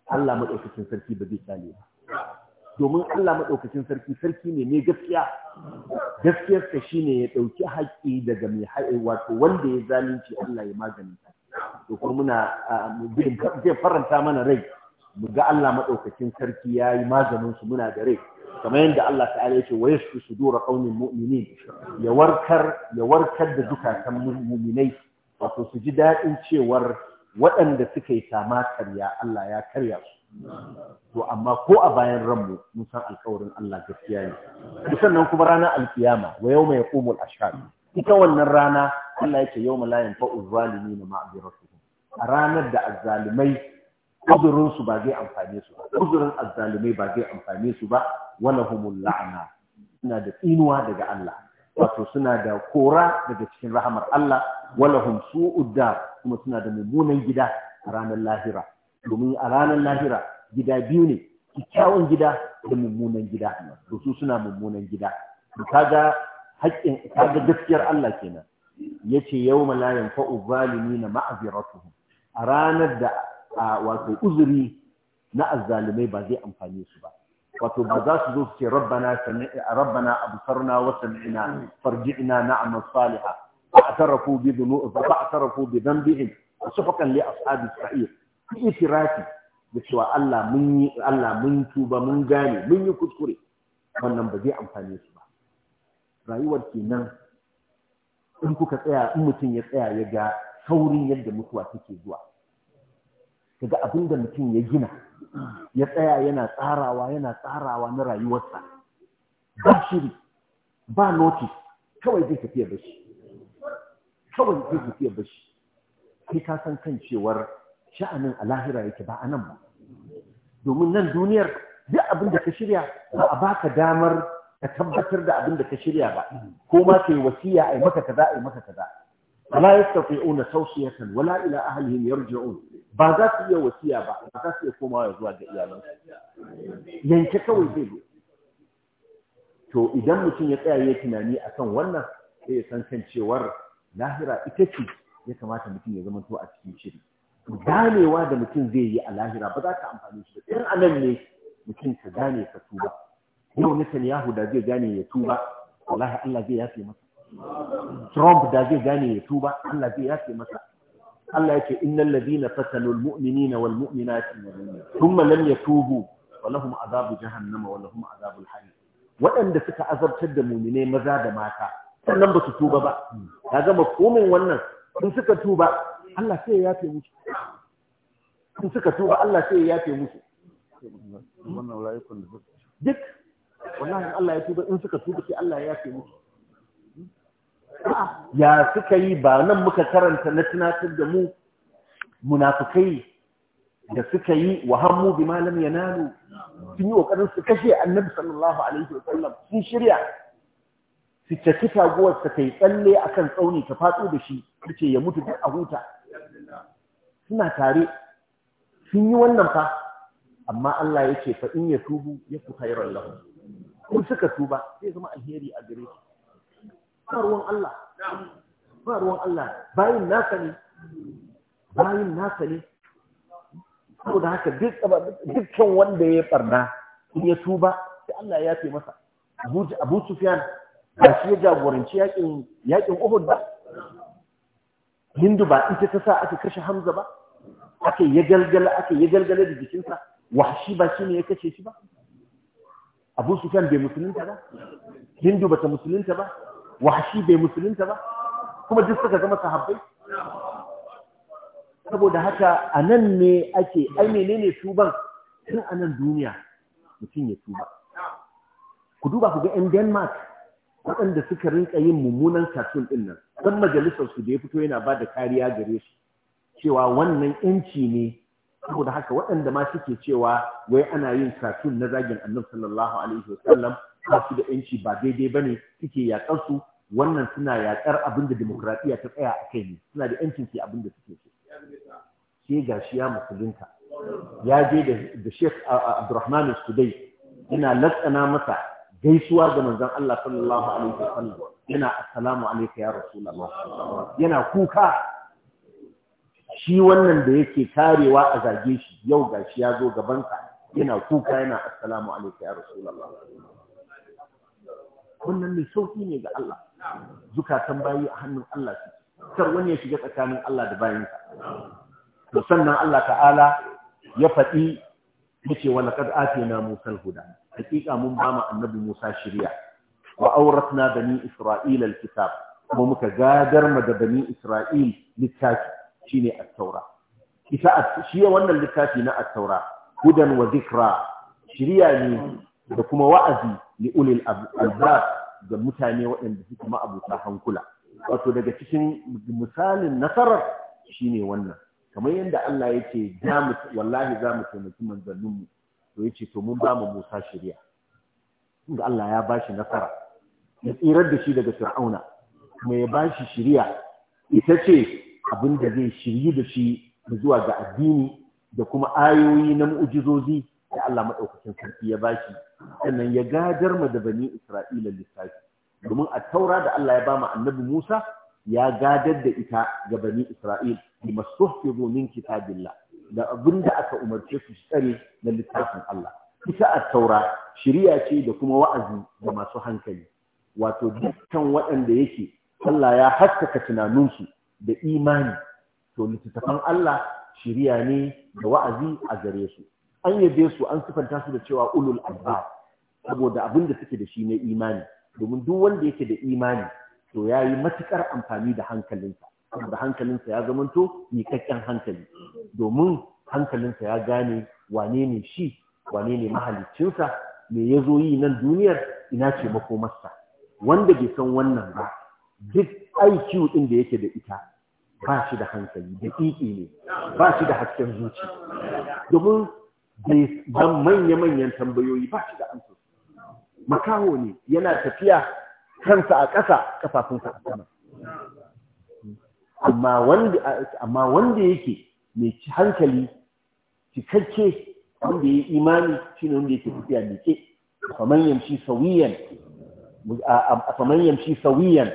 Allah maɗaukakin sarki ba zai tsale ba domin Allah maɗaukacin sarki sarki ne mai gaskiya gaskiyarsa shine ya ɗauki haƙƙi daga mai haƙƙi wato wanda ya zalunci Allah ya magani ta to kuma muna zai faranta mana rai mu ga Allah maɗaukacin sarki ya yi maganin su muna da rai kamar yadda Allah ta'ala ya ce wa su dora qaumin mu'minin ya warkar ya warkar da zukatan mu'minai wato su ji daɗin cewar waɗanda suka yi sama karya Allah ya karya su to amma ko a bayan ranmu mun san alƙawarin Allah gaskiya ne sannan kuma ranar alkiyama wa yawma yaqumul ashhad ita wannan rana Allah yake yawma la yanfa'u zalimin ma'diratuhum a ranar da azzalimai uzurin su ba zai amfane su ba uzurin azzalimai ba zai amfane su ba wani humul la'na suna da tsinuwa daga Allah wato suna da kora daga cikin rahamar Allah wani hum su'ud kuma suna da mummunan gida a ranar lahira domin a ranar lahira gida biyu ne kyakkyawan gida da mummunan gida da su suna mummunan gida to kaga haƙƙin kaga gaskiyar Allah kenan yace yawma la yanfa'u zalimina ma'ziratuhum a ranar da wato uzuri na azzalimai ba zai amfane su ba wato ba za su zo su ce rabbana rabbana absarna wa sami'na farji'na na'mal salihah fa'tarafu bi dhunubi fa'tarafu bi dhanbihim suhqan li ashabi sa'ir itirafi da cewa Allah mun yi Allah mun tuba mun gane mun yi kuskure wannan ba zai amfane su ba rayuwar kenan in kuka tsaya in mutum ya tsaya ya ga saurin yadda mutuwa take zuwa daga abin da mutum ya gina ya tsaya yana tsarawa yana tsarawa na rayuwarsa ba shiri ba notice kawai zai tafiya bashi kawai zai tafiya bashi sai ka san kan cewar sha'anin a lahira yake ba a nan ba domin nan duniyar duk abin da ka shirya ba a baka damar ka tabbatar da abin da ka shirya ba ko ma kai wasiya ai maka kaza ai maka kaza wala yastati'una tawsiyatan wala ila ahlihim yarji'un ba za su iya wasiya ba ba za su iya komawa zuwa ga iyalansu yanke kawai zai zo to idan mutum ya tsaya ya tunani akan wannan sai ya san kan cewar lahira ita ce ya kamata mutum ya zama to a cikin shiri ganewa da mutum zai yi a lahira ba za ka amfani shi da irin anan ne mutum ka gane ka tuba yau na Netanyahu da zai gane ya tuba wallahi Allah zai yafe masa Trump da zai gane ya tuba Allah zai yafe masa Allah yake innal ladina fatanul mu'minina wal mu'minati thumma lam yatubu walahum azabu jahannama walahum azabul hayy waɗanda suka azabtar da muminai maza da mata sannan ba su tuba ba gama makomin wannan in suka tuba Allah sai ya yafe musu in suka tuba Allah sai ya yafe musu duk wallahi Allah ya tuba in suka tuba sai Allah ya yafe musu ya suka yi ba nan muka karanta na tunatar da mu munafikai da suka yi wa hannu bi malam nanu? sun yi ƙoƙarin su kashe annabi sallallahu alaihi wasallam sun shirya su tafi taguwar ta kai tsalle akan tsauni ta fatsu da shi ce ya mutu duk a huta suna tare sun yi wannan fa amma Allah ya ce fa in ya tubu ya fi khairan lahu ko suka tuba zai zama alheri a gare su ba ruwan Allah ba ruwan Allah bayin nasa ne bayin nasa ne saboda haka duk dukkan wanda ya barna in ya tuba sai Allah ya yafe masa Abu Sufyan ba shi ya jagoranci yakin yakin Uhud ba hindu ba ita ta sa aka kashe hamza ba aka yi galgala aka yi galgala da jikinsa wahshi ba shi ne ya kashe shi ba abu sufyan bai musulunta ba hindu ba ta musulunta ba wahshi bai musulunta ba kuma duk suka zama sahabbai saboda haka a nan ne ake ai su tuban tun a nan duniya mutum ya tuba ku duba ku ga 'yan denmark waɗanda suka rinka yin mummunan katun ɗin nan don majalisar su da ya fito yana ba da kariya gare su cewa wannan yanci ne saboda haka waɗanda ma suke cewa wai ana yin katun na zagin annabi sallallahu alaihi wasallam ba su da yanci ba daidai ba ne, suke yaƙar su wannan suna yaƙar abin da ta tsaya a kai ne suna da yancin su abin da suke so sai ga shi ya musulunta ya je da Sheikh Abdulrahman Sudai yana latsana masa gaisuwa ga manzon Allah sallallahu alaihi wasallam yana assalamu alayka ya rasulullah yana kuka shi wannan da yake karewa a zage shi yau gashi ya zo gaban ka, yana kuka yana assalamu alayka ya rasulullah wannan mai sauki ne ga Allah zukatan bayi a hannun Allah su. kar wani ya shiga tsakanin Allah da bayinsa to sannan Allah ta'ala ya faɗi yace wa laqad atina musal huda hakika mun ba mu annabi Musa shirya, wa auratna bani Isra'ila alkitab kuma muka gadar ma da bani Isra'il littafi shine at-taura ita shi wannan littafi na at-taura hudan wa zikra shiriya ne da kuma wa'azi li ulil albab ga mutane waɗanda suke ma'abuta hankula wato daga cikin misalin nasarar shine wannan kamar yadda Allah yake wallahi za mu taimaki manzanninmu to yace to mun ba mu Musa shari'a inda Allah ya bashi nasara ya tsirar da shi daga Fir'auna kuma ya bashi shari'a ita ce abin da zai shiryi da shi zuwa ga addini da kuma ayoyi na mu'jizozi da Allah madaukakin sarki ya bashi sannan ya gadar mu da bani Isra'ila lissafi domin a taura da Allah ya ba mu annabi Musa ya gadar da ita ga bani Isra'il bi masuhfizu min kitabillah da abin da aka umarce su tsare na littafin Allah ita a taura shiriya ce da kuma wa'azi ga masu hankali wato dukkan waɗanda yake Allah ya haskaka tunaninsu da imani to littattafan Allah shirya ne da wa'azi a gare su an yabe su an sifanta su da cewa ulul albab saboda abin da suke da shi na imani domin duk wanda yake da imani to ya yi matukar amfani da hankalinsa da hankalinsa ya zamanto miƙaƙƙen hankali domin hankalinsa ya gane wane ne shi wane ne mahaliccinsa me ya zo yi nan duniyar ina ce makomarsa wanda bai san wannan ba duk IQ ɗin da yake da ita ba shi da hankali da ƙiƙi ne ba shi da hasken zuci domin ban manya-manyan tambayoyi ba shi da amsa makaho ne yana tafiya kansa a ƙasa ƙafafunsa a sama amma wanda yake mai ci hankali cikakke wanda ya yi imani ne wanda yake tafiya miƙe faman yamshi sauyiyan a yamshi sawiyan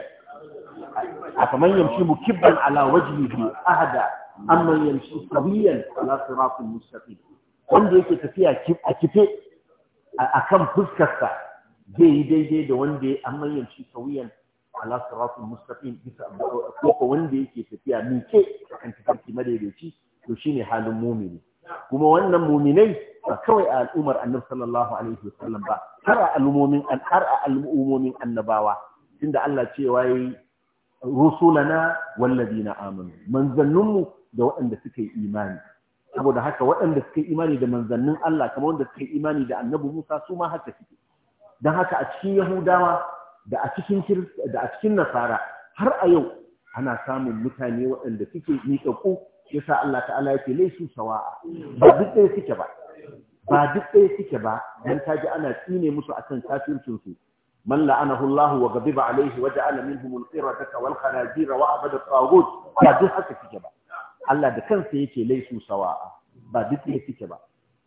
faman yamshi mukibban ala wajhihi ahada amma yamshi sauyiyan ala siratin mustaqim wanda yake tafiya a kife a kan fuskarsa zai yi daidai da wanda amma yamshi sauyiyan. ala siratul mustaqim bisa ko wanda yake tafiya mike akan tafarki madaidaici to shine halin mumini kuma wannan muminai ba kawai a al'ummar annabi sallallahu alaihi wasallam ba har a al'ummomin an har a al'ummomin annabawa tunda Allah cewa yayi rusulana na amanu manzannunmu da waɗanda suka yi imani saboda haka waɗanda suka yi imani da manzannin Allah kamar wanda suka yi imani da annabi Musa su ma haka suke dan haka a cikin Yahudawa da a cikin nasara har a yau ana samun mutane waɗanda suke ya sa Allah ta'ala ke laisu sawa'a ba duk ɗaya suke ba ba duk ɗaya suke ba dan ji ana tsine musu akan kafircin su man la'anahu Allah wa ghadiba alayhi wa ja'ala minhum al-qiradata wal khanazira wa abada tawagut ba duk haka suke ba Allah da kansa yake laisu sawa'a ba duk ɗaya suke ba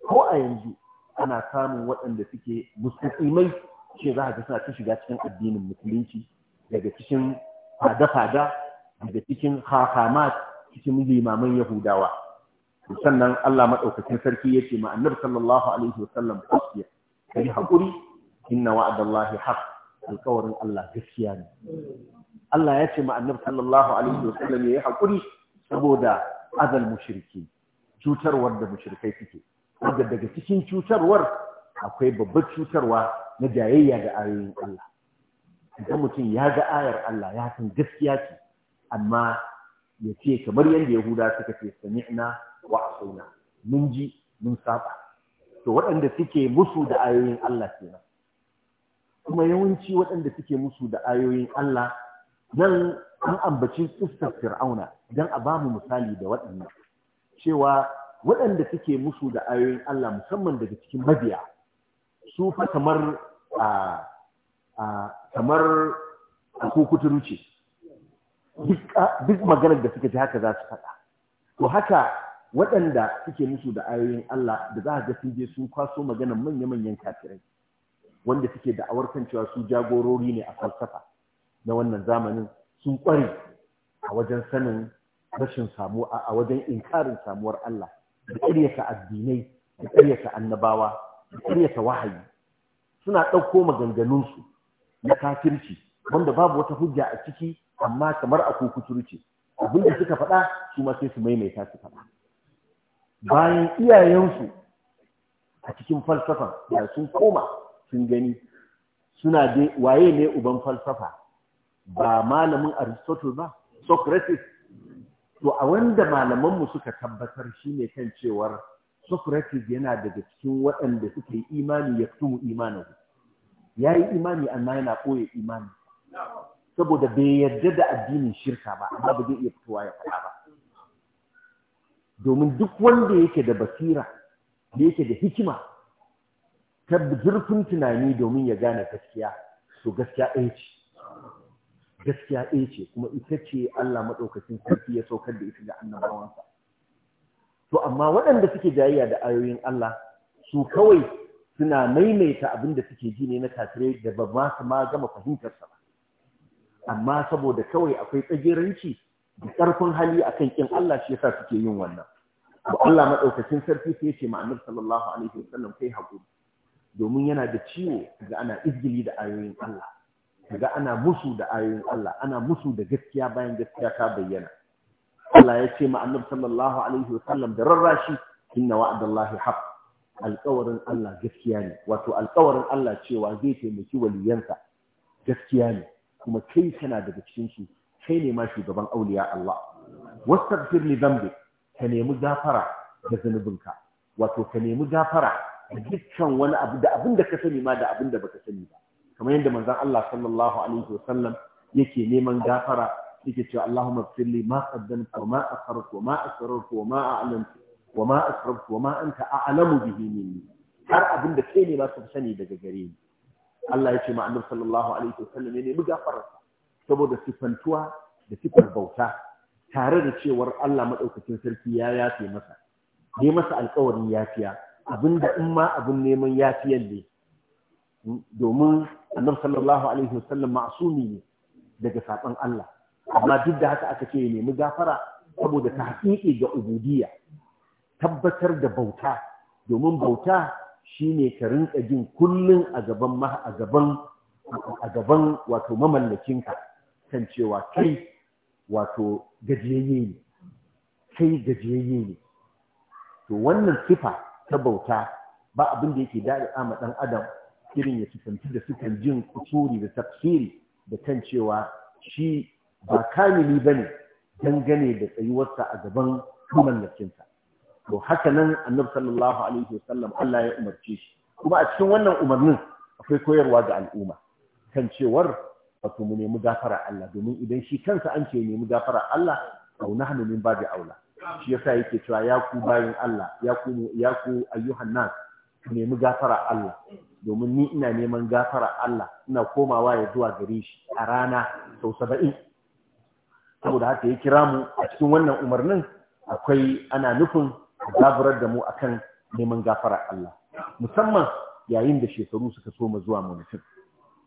ko a yanzu ana samun waɗanda suke musulmai shi za ka suna ta shiga cikin addinin musulunci daga cikin fada-fada daga cikin hakamat cikin limaman yahudawa sannan Allah maɗaukakin sarki ya ce ma annabi sallallahu alaihi wasallam gaskiya kai haƙuri inna wa'adallahi haq alƙawarin Allah gaskiya ne Allah ya ce ma annabi sallallahu alaihi wasallam yayi haƙuri saboda azal mushriki cutarwar da mushrikai suke wanda daga cikin cutarwar akwai babbar cutarwa na jayayya ga ayoyin Allah idan mutum ya ga ayar Allah ya san gaskiya ce amma ya ce kamar yadda Yahuda suka ce sami'na wa asaina mun ji mun saba to waɗanda suke musu da ayoyin Allah kenan kuma yawanci waɗanda suke musu da ayoyin Allah nan an ambaci iskar fir'auna don a ba mu misali da waɗannan cewa waɗanda suke musu da ayoyin Allah musamman daga cikin mabiya su fa kamar a kamar kukuturu ce duk maganar da suka ji haka za su faɗa to haka waɗanda suke musu da ayoyin Allah da za a ga sun je sun kwaso maganar manya-manyan kafirai wanda suke da kan cewa su jagorori ne a falsafa na wannan zamanin sun ƙware a wajen sanin rashin samu a wajen inkarin samuwar Allah da ƙaryata addinai da ƙaryata annabawa ta wahayi suna ɗauko maganganunsu na kafirci wanda babu wata hujja a ciki amma kamar a kukuturci abin da suka faɗa su ma sai su maimaita su faɗa bayan iyayensu a cikin falsafa da sun koma sun gani suna da waye ne uban falsafa ba malamin aristotle ba socrates to a wanda malamanmu suka tabbatar shi ne kan cewar Socrates yana daga cikin waɗanda suka yi imani ya fito imanin ya yi imani amma yana koya imani saboda bai yarda da addinin shirka ba amma ba zai iya fitowa ya faɗa ba domin duk wanda yake da basira da yake da hikima ta zurfin tunani domin ya gane gaskiya to gaskiya ɗaya ce gaskiya ɗaya ce kuma ita ce Allah maɗaukacin sarki ya saukar da ita ga annabawansa to amma waɗanda suke jayayya da ayoyin Allah su kawai suna maimaita abin da suke ji ne na kafirai da ba ma su ma gama fahimtar ba. amma saboda kawai akwai tsagiranci, da ƙarfin hali a kan ƙin Allah shi yasa suke yin wannan Ba Allah maɗaukacin sarki sai ya ce ma'anar sallallahu alaihi wasallam kai hakuri domin yana da ciwo ga ana izgili da ayoyin Allah ga ana musu da ayoyin Allah ana musu da gaskiya bayan gaskiya ta bayyana Allah ya ce ma sallallahu alaihi wasallam da rarrashi inna wa'dallahi haqq alƙawarin Allah gaskiya ne wato alƙawarin Allah cewa zai taimaki waliyansa gaskiya ne kuma kai kana daga cikin shi. kai ne ma shugaban auliya Allah Wasu li dhanbi ka nemi gafara da ka. wato ka nemi gafara da dukkan wani abu da abin da ka sani ma da abin da baka sani ba kamar yadda manzan Allah sallallahu alaihi wasallam yake neman gafara yake cewa Allahumma firli ma qaddamtu wa ma akhartu wa ma asrartu wa ma a'lamtu wa ma asrartu wa ma anta a'lamu bihi minni har abin da kai ne ba ka sani daga gare ni Allah ya ce ma annabi sallallahu alaihi wasallam ne mu gafara saboda sifantuwa da sifar bauta tare da cewar Allah madaukakin sarki ya yafe masa ne masa alƙawarin yafiya abinda in ma abin neman yafiyan ne hmm, domin annabi sallallahu alaihi wasallam ma'sumi ne daga saban Allah amma duk da haka aka ce ya nemi gafara saboda ta haƙiƙi ga ubudiyya tabbatar da bauta domin bauta shi ne ka rinka jin kullum a gaban a gaban wato mamallakinka kan cewa kai wato gajiyayye ne kai gajiyayye ne to wannan sifa ta bauta ba abin da yake daɗi ama ɗan adam irin ya sifanci da sukan jin kusuri da tafsiri da kan cewa shi ba kamili ba ne dangane da tsayuwarsa a gaban mallakinsa to haka nan annabi sallallahu alaihi wasallam Allah ya umarce shi kuma a cikin wannan umarnin akwai koyarwa ga al'umma kan cewar ba su mu nemi gafara Allah domin idan shi kansa an ce nemi gafara Allah au nahnu ba babi aula shi yasa yake cewa ya ku bayan Allah ya ku ya ku ayyuhan nas ku nemi gafara Allah domin ni ina neman gafara Allah ina komawa ya zuwa gare shi a rana sau saba'in saboda haka ya kira mu a cikin wannan umarnin akwai ana nufin zaburar da mu akan neman gafara Allah musamman yayin da shekaru suka soma zuwa mu mutum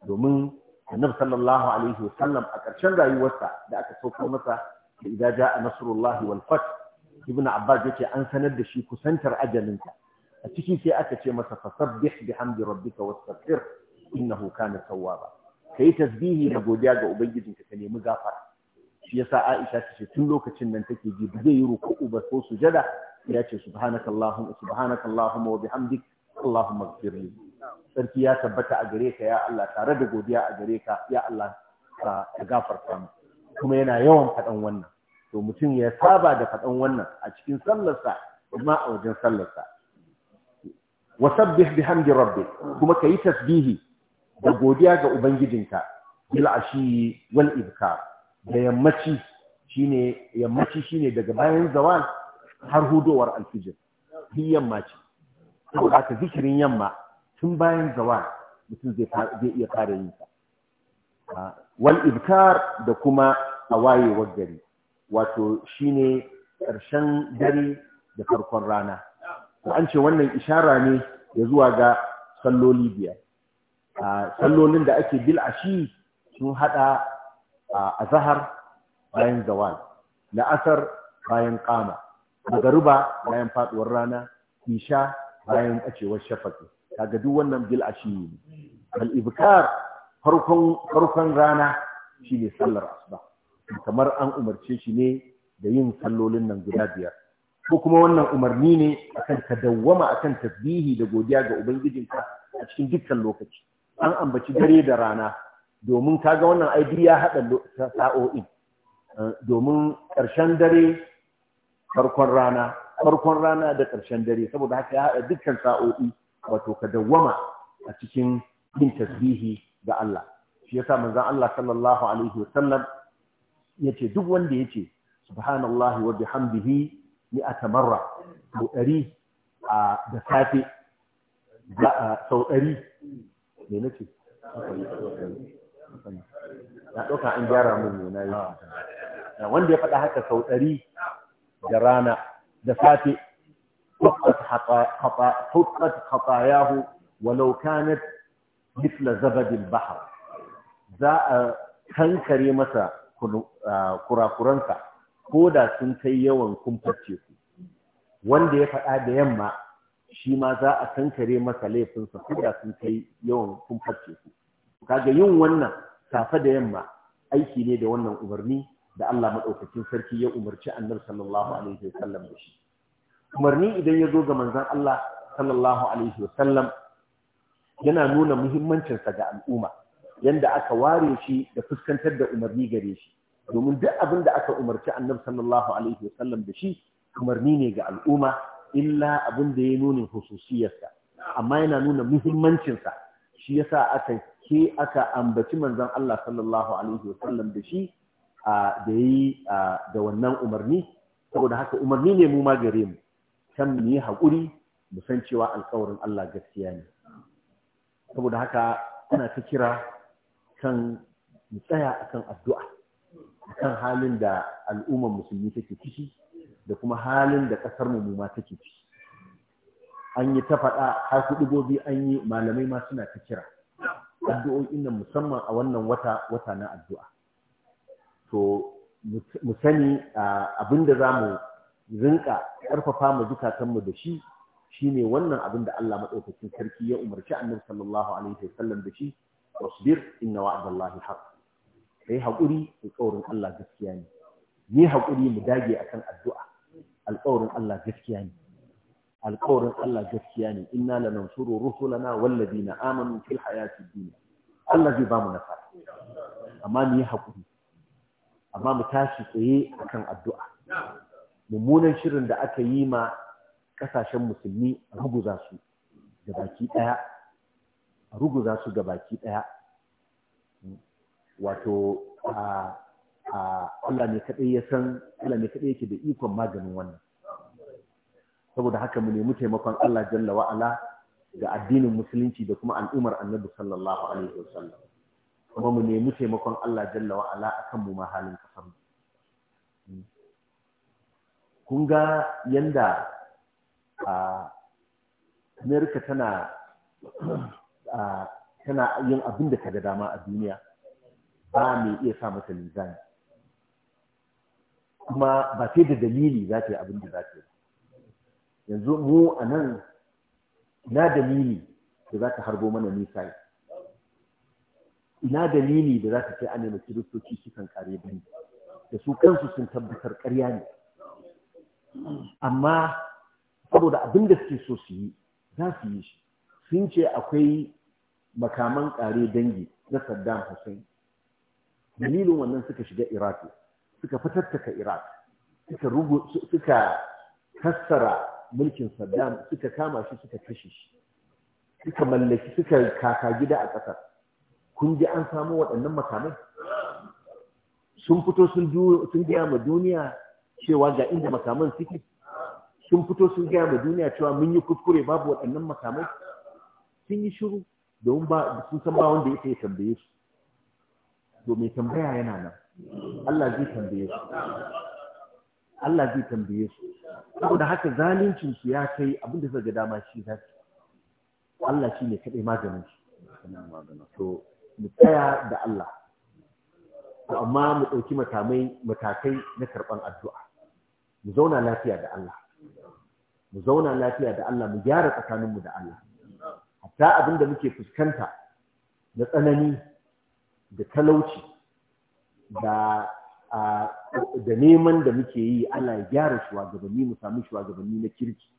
domin annabi sallallahu alaihi wasallam a ƙarshen rayuwarsa da aka sauko masa da idan a nasrullahi wal fath ibnu abbas an sanar da shi kusantar ajalinka a ciki sai aka ce masa fasabbih bihamdi rabbika wastaghfir innahu kana tawwaba kai tasbihi da godiya ga ubangijinka ka nemi gafara shi yasa Aisha ta ce tun lokacin nan take ji ba zai yi ruku'u ba ko sujada ya ce subhanakallahumma subhanakallahumma wa bihamdik Allahumma ighfirli sarki ya tabbata a gare ka ya Allah tare da godiya a gare ka ya Allah ka gafarta mu kuma yana yawan faɗan wannan to mutum ya saba da faɗan wannan a cikin sallarsa kuma a wajen sallarsa wasabbih bihamdi rabbik kuma kayi tasbihi da godiya ga ubangijinka bil ashi wal ibkar da yammaci shine yammaci shine daga bayan zawal har hudowar alfijir duk yamma ce saboda zikirin yamma tun bayan zawal mutum zai iya fara yin sa wal ibkar da kuma a wayewar gari wato shine ƙarshen dare da farkon rana ko an ce wannan ishara ne ya zuwa ga salloli biyar sallolin da ake bil ashi sun hada a zahar bayan zawal la'asar bayan kama ruba, bayan faduwar rana isha bayan ɓacewar shafaki kaga duk wannan bil shi ne al ibikar farkon farkon rana shine sallar asuba kamar an umarce shi ne da yin sallolin nan guda biyar ko kuma wannan umarni ne akan ka dawwama akan tasbihi da godiya ga ubangijinka a cikin dukkan lokaci an ambaci dare da rana domin kaga wannan aibi ya haɗa sa'o'i eh, domin ƙarshen dare farkon rana farkon rana da ƙarshen dare saboda haka ya haɗa dukkan sa'o'i wato ka dawwama a cikin yin tasbihi ga Allah shi yasa manzon Allah sallallahu alaihi wa sallam yace duk wanda yace subhanallahi wa bihamdihi ni atamarra ko ɗari a da safe sau ɗari ne nake na ɗauka an gyara min ne na yi wanda ya faɗa haka sau ɗari da rana da safe haƙa yahu wa كانت مثل Zabadin Baha, za a kankare masa kurakuransa ko da sun kai yawan kumfarce su. wanda ya faɗa da yamma shi ma za a kankare masa laifinsa ko da sun kai yawan kumfar teku kaga yin wannan safa da yamma aiki ne da wannan umarni da Allah madaukakin sarki ya umarci annabi sallallahu alaihi wasallam da shi umarni idan ya zo ga manzon Allah sallallahu alaihi wasallam yana nuna muhimmancin sa ga al'umma yanda aka ware shi da fuskantar da umarni gare shi domin duk abin da aka umarci annabi sallallahu alaihi wasallam da shi umarni ne ga al'umma illa abin da ya nuna hususiyarsa amma yana nuna muhimmancinsa shi yasa aka ke aka ambaci manzon Allah sallallahu alaihi wasallam da shi da yayi da wannan umarni saboda haka umarni ne mu ma gare mu kan mu yi hakuri mu san cewa alƙawarin Allah gaskiya ne saboda haka ana ta kira kan mu tsaya akan addu'a akan halin da al'ummar musulmi take ciki da kuma halin da ƙasar mu ma take ciki an yi ta faɗa har hudubobi an yi malamai ma suna ta kira addu'o'in nan musamman a wannan wata wata na addu'a to mu sani abinda za mu rinka ƙarfafa mu zukatanmu da shi shine wannan abin da Allah madaukakin sarki ya umarci Annabi sallallahu alaihi wasallam da shi wasbir inna wa'dallahi haqq kai hakuri alƙawarin Allah gaskiya ne ni hakuri mu dage akan addu'a alƙawarin Allah gaskiya ne alƙawarin Allah gaskiya ne inna lanansuru rusulana na amanu fil hayatid dunya Allah zai ba mu nasara amma mu yi hakuri amma mu tashi tsaye akan addu'a mummunan shirin da aka yi ma kasashen musulmi a ruguza su ga baki daya ruguza su ga baki daya wato a Allah ne kadai ya san Allah ne kadai yake da ikon maganin wannan saboda haka mu nemi taimakon Allah jalla wa'ala ga addinin musulunci da kuma al'ummar annabi sallallahu alaihi wasallam kuma mu nemi taimakon Allah jalla wa'ala akan mu ma halin kafar. kun ga yanda a Amerika tana tana yin abin da ga dama a duniya ba mai iya sa mata linzami kuma ba sai da dalili za ta yi abin da za yanzu mu a nan na dalili da za ta harbo mana nisa ina dalili da za ta ce an kiristoci sukan kare bane da su kansu sun tabbatar ƙarya ne amma saboda abin da suke so su yi za su yi shi sun ce akwai makaman kare dangi na Saddam Hussein dalilin wannan suka shiga Iraq suka fatattaka Iraq suka rugu suka kassara mulkin Saddam suka kama shi suka kashe shi suka mallaki suka kaka gida a ƙasar kun ji an samu waɗannan makamai sun fito sun gaya ma duniya cewa ga inda makaman suke sun fito sun gaya ma duniya cewa mun yi kuskure babu waɗannan makamai sun yi shiru domin ba sun san ba wanda yake ya tambaye su to mai tambaya yana nan Allah zai tambaye su Allah zai tambaye su saboda haka zalincin su ya kai abin da zai ga dama shi za su Allah shi ne kaɗai maganin shi to mu tsaya da Allah to amma mu ɗauki makamai matakai na karɓar addu'a mu zauna lafiya da Allah mu zauna lafiya da Allah mu gyara tsakaninmu da Allah hatta abin da muke fuskanta na tsanani da talauci da da neman da muke yi Allah ya gyara shugabanni mu samu shugabanni na kirki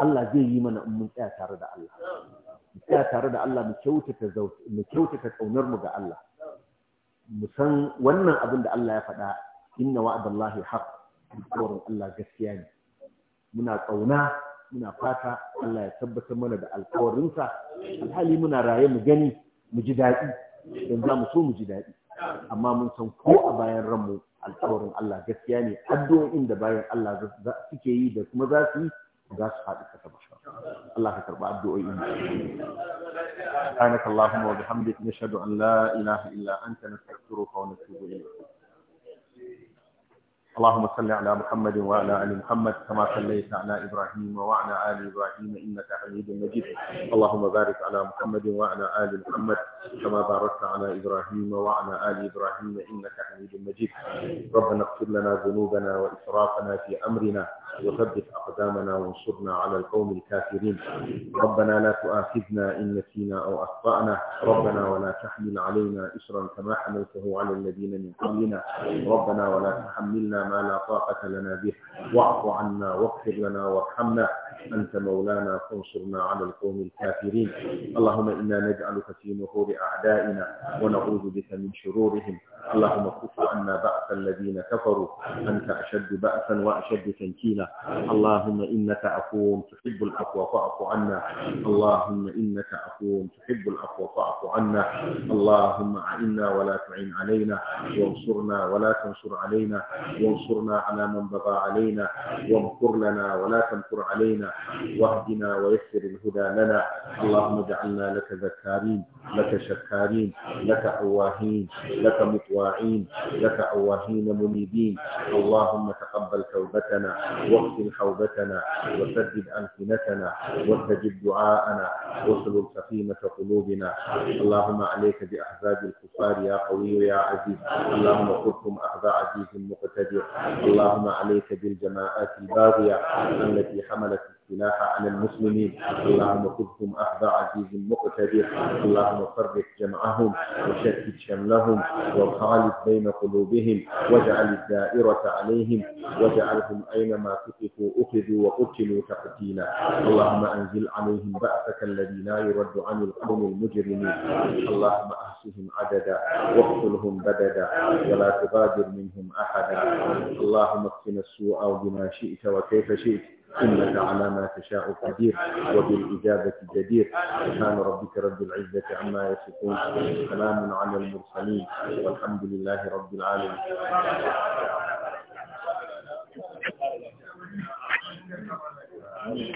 Allah zai yi mana in mun tsaya tare da Allah mu tsaya tare da Allah mu kyautata mu kyautata kaunar mu ga Allah mu san wannan abin da Allah ya faɗa inna wa'dallahi haqq alƙawarin Allah gaskiya ne muna kauna muna fata Allah ya tabbatar mana da alƙawarinsa alhali muna raye mu gani mu ji daɗi yanzu mu so mu ji daɗi amma mun san ko a bayan ranmu alkawarin Allah gaskiya ne addu'o'in da bayan Allah suke yi da kuma za su yi za su faɗi kasa ba Allah ka karɓi addu'o'in subhanakallahumma wa bihamdika nashhadu an la ilaha illa anta nastaghfiruka wa natubu ilayk اللهم صل على محمد وعلى ال محمد كما صليت على ابراهيم وعلى ال ابراهيم انك حميد مجيد اللهم بارك على محمد وعلى ال محمد كما باركت على ابراهيم وعلى ال ابراهيم انك حميد مجيد ربنا اغفر لنا ذنوبنا واسرافنا في امرنا وثبت أقدامنا وانصرنا على القوم الكافرين ربنا لا تؤاخذنا إن نسينا أو أخطأنا ربنا ولا تحمل علينا إسرا كما حملته على الذين من قبلنا ربنا ولا تحملنا ما لا طاقة لنا به واعف عنا واغفر لنا وارحمنا أنت مولانا فانصرنا على القوم الكافرين اللهم إنا نجعلك في نحور أعدائنا ونعوذ بك من شرورهم اللهم كف عنا بأس الذين كفروا أنت أشد بأسا وأشد تنكيلا اللهم إنك عفو تحب العفو فاعف عنا اللهم إنك عفو تحب العفو فاعف عنا اللهم أعنا ولا تعن علينا وانصرنا ولا تنصر علينا وانصرنا على من بغى علينا وامكر لنا ولا تمكر علينا واهدنا ويسر الهدى لنا اللهم اجعلنا لك ذكارين لك شكارين لك أواهين لك مطواعين لك أواهين منيبين اللهم تقبل توبتنا واغفر حوبتنا وسدد ألسنتنا واستجب دعاءنا وسلل سقيمة قلوبنا اللهم عليك بأحزاب الكفار يا قوي يا عزيز اللهم خذهم أحزاب عزيز مقتدر اللهم عليك بالجماعات الباغية التي حملت السلاح على المسلمين اللهم خذهم أخذ عزيز مقتدر اللهم فرق جمعهم وشتت شملهم والخالف بين قلوبهم واجعل الدائرة عليهم واجعلهم أينما ثقفوا أخذوا وقتلوا تقتيلا اللهم أنزل عليهم بأسك الذي لا يرد عن القوم المجرمين اللهم أحسهم عددا واقتلهم بددا ولا تغادر منهم أحدا اللهم اقتنا السوء بما شئت وكيف شئت إنك على ما تشاء قدير وبالإجابة جدير سبحان ربك رب العزة عما يصفون سلام على المرسلين والحمد لله رب العالمين Thank you.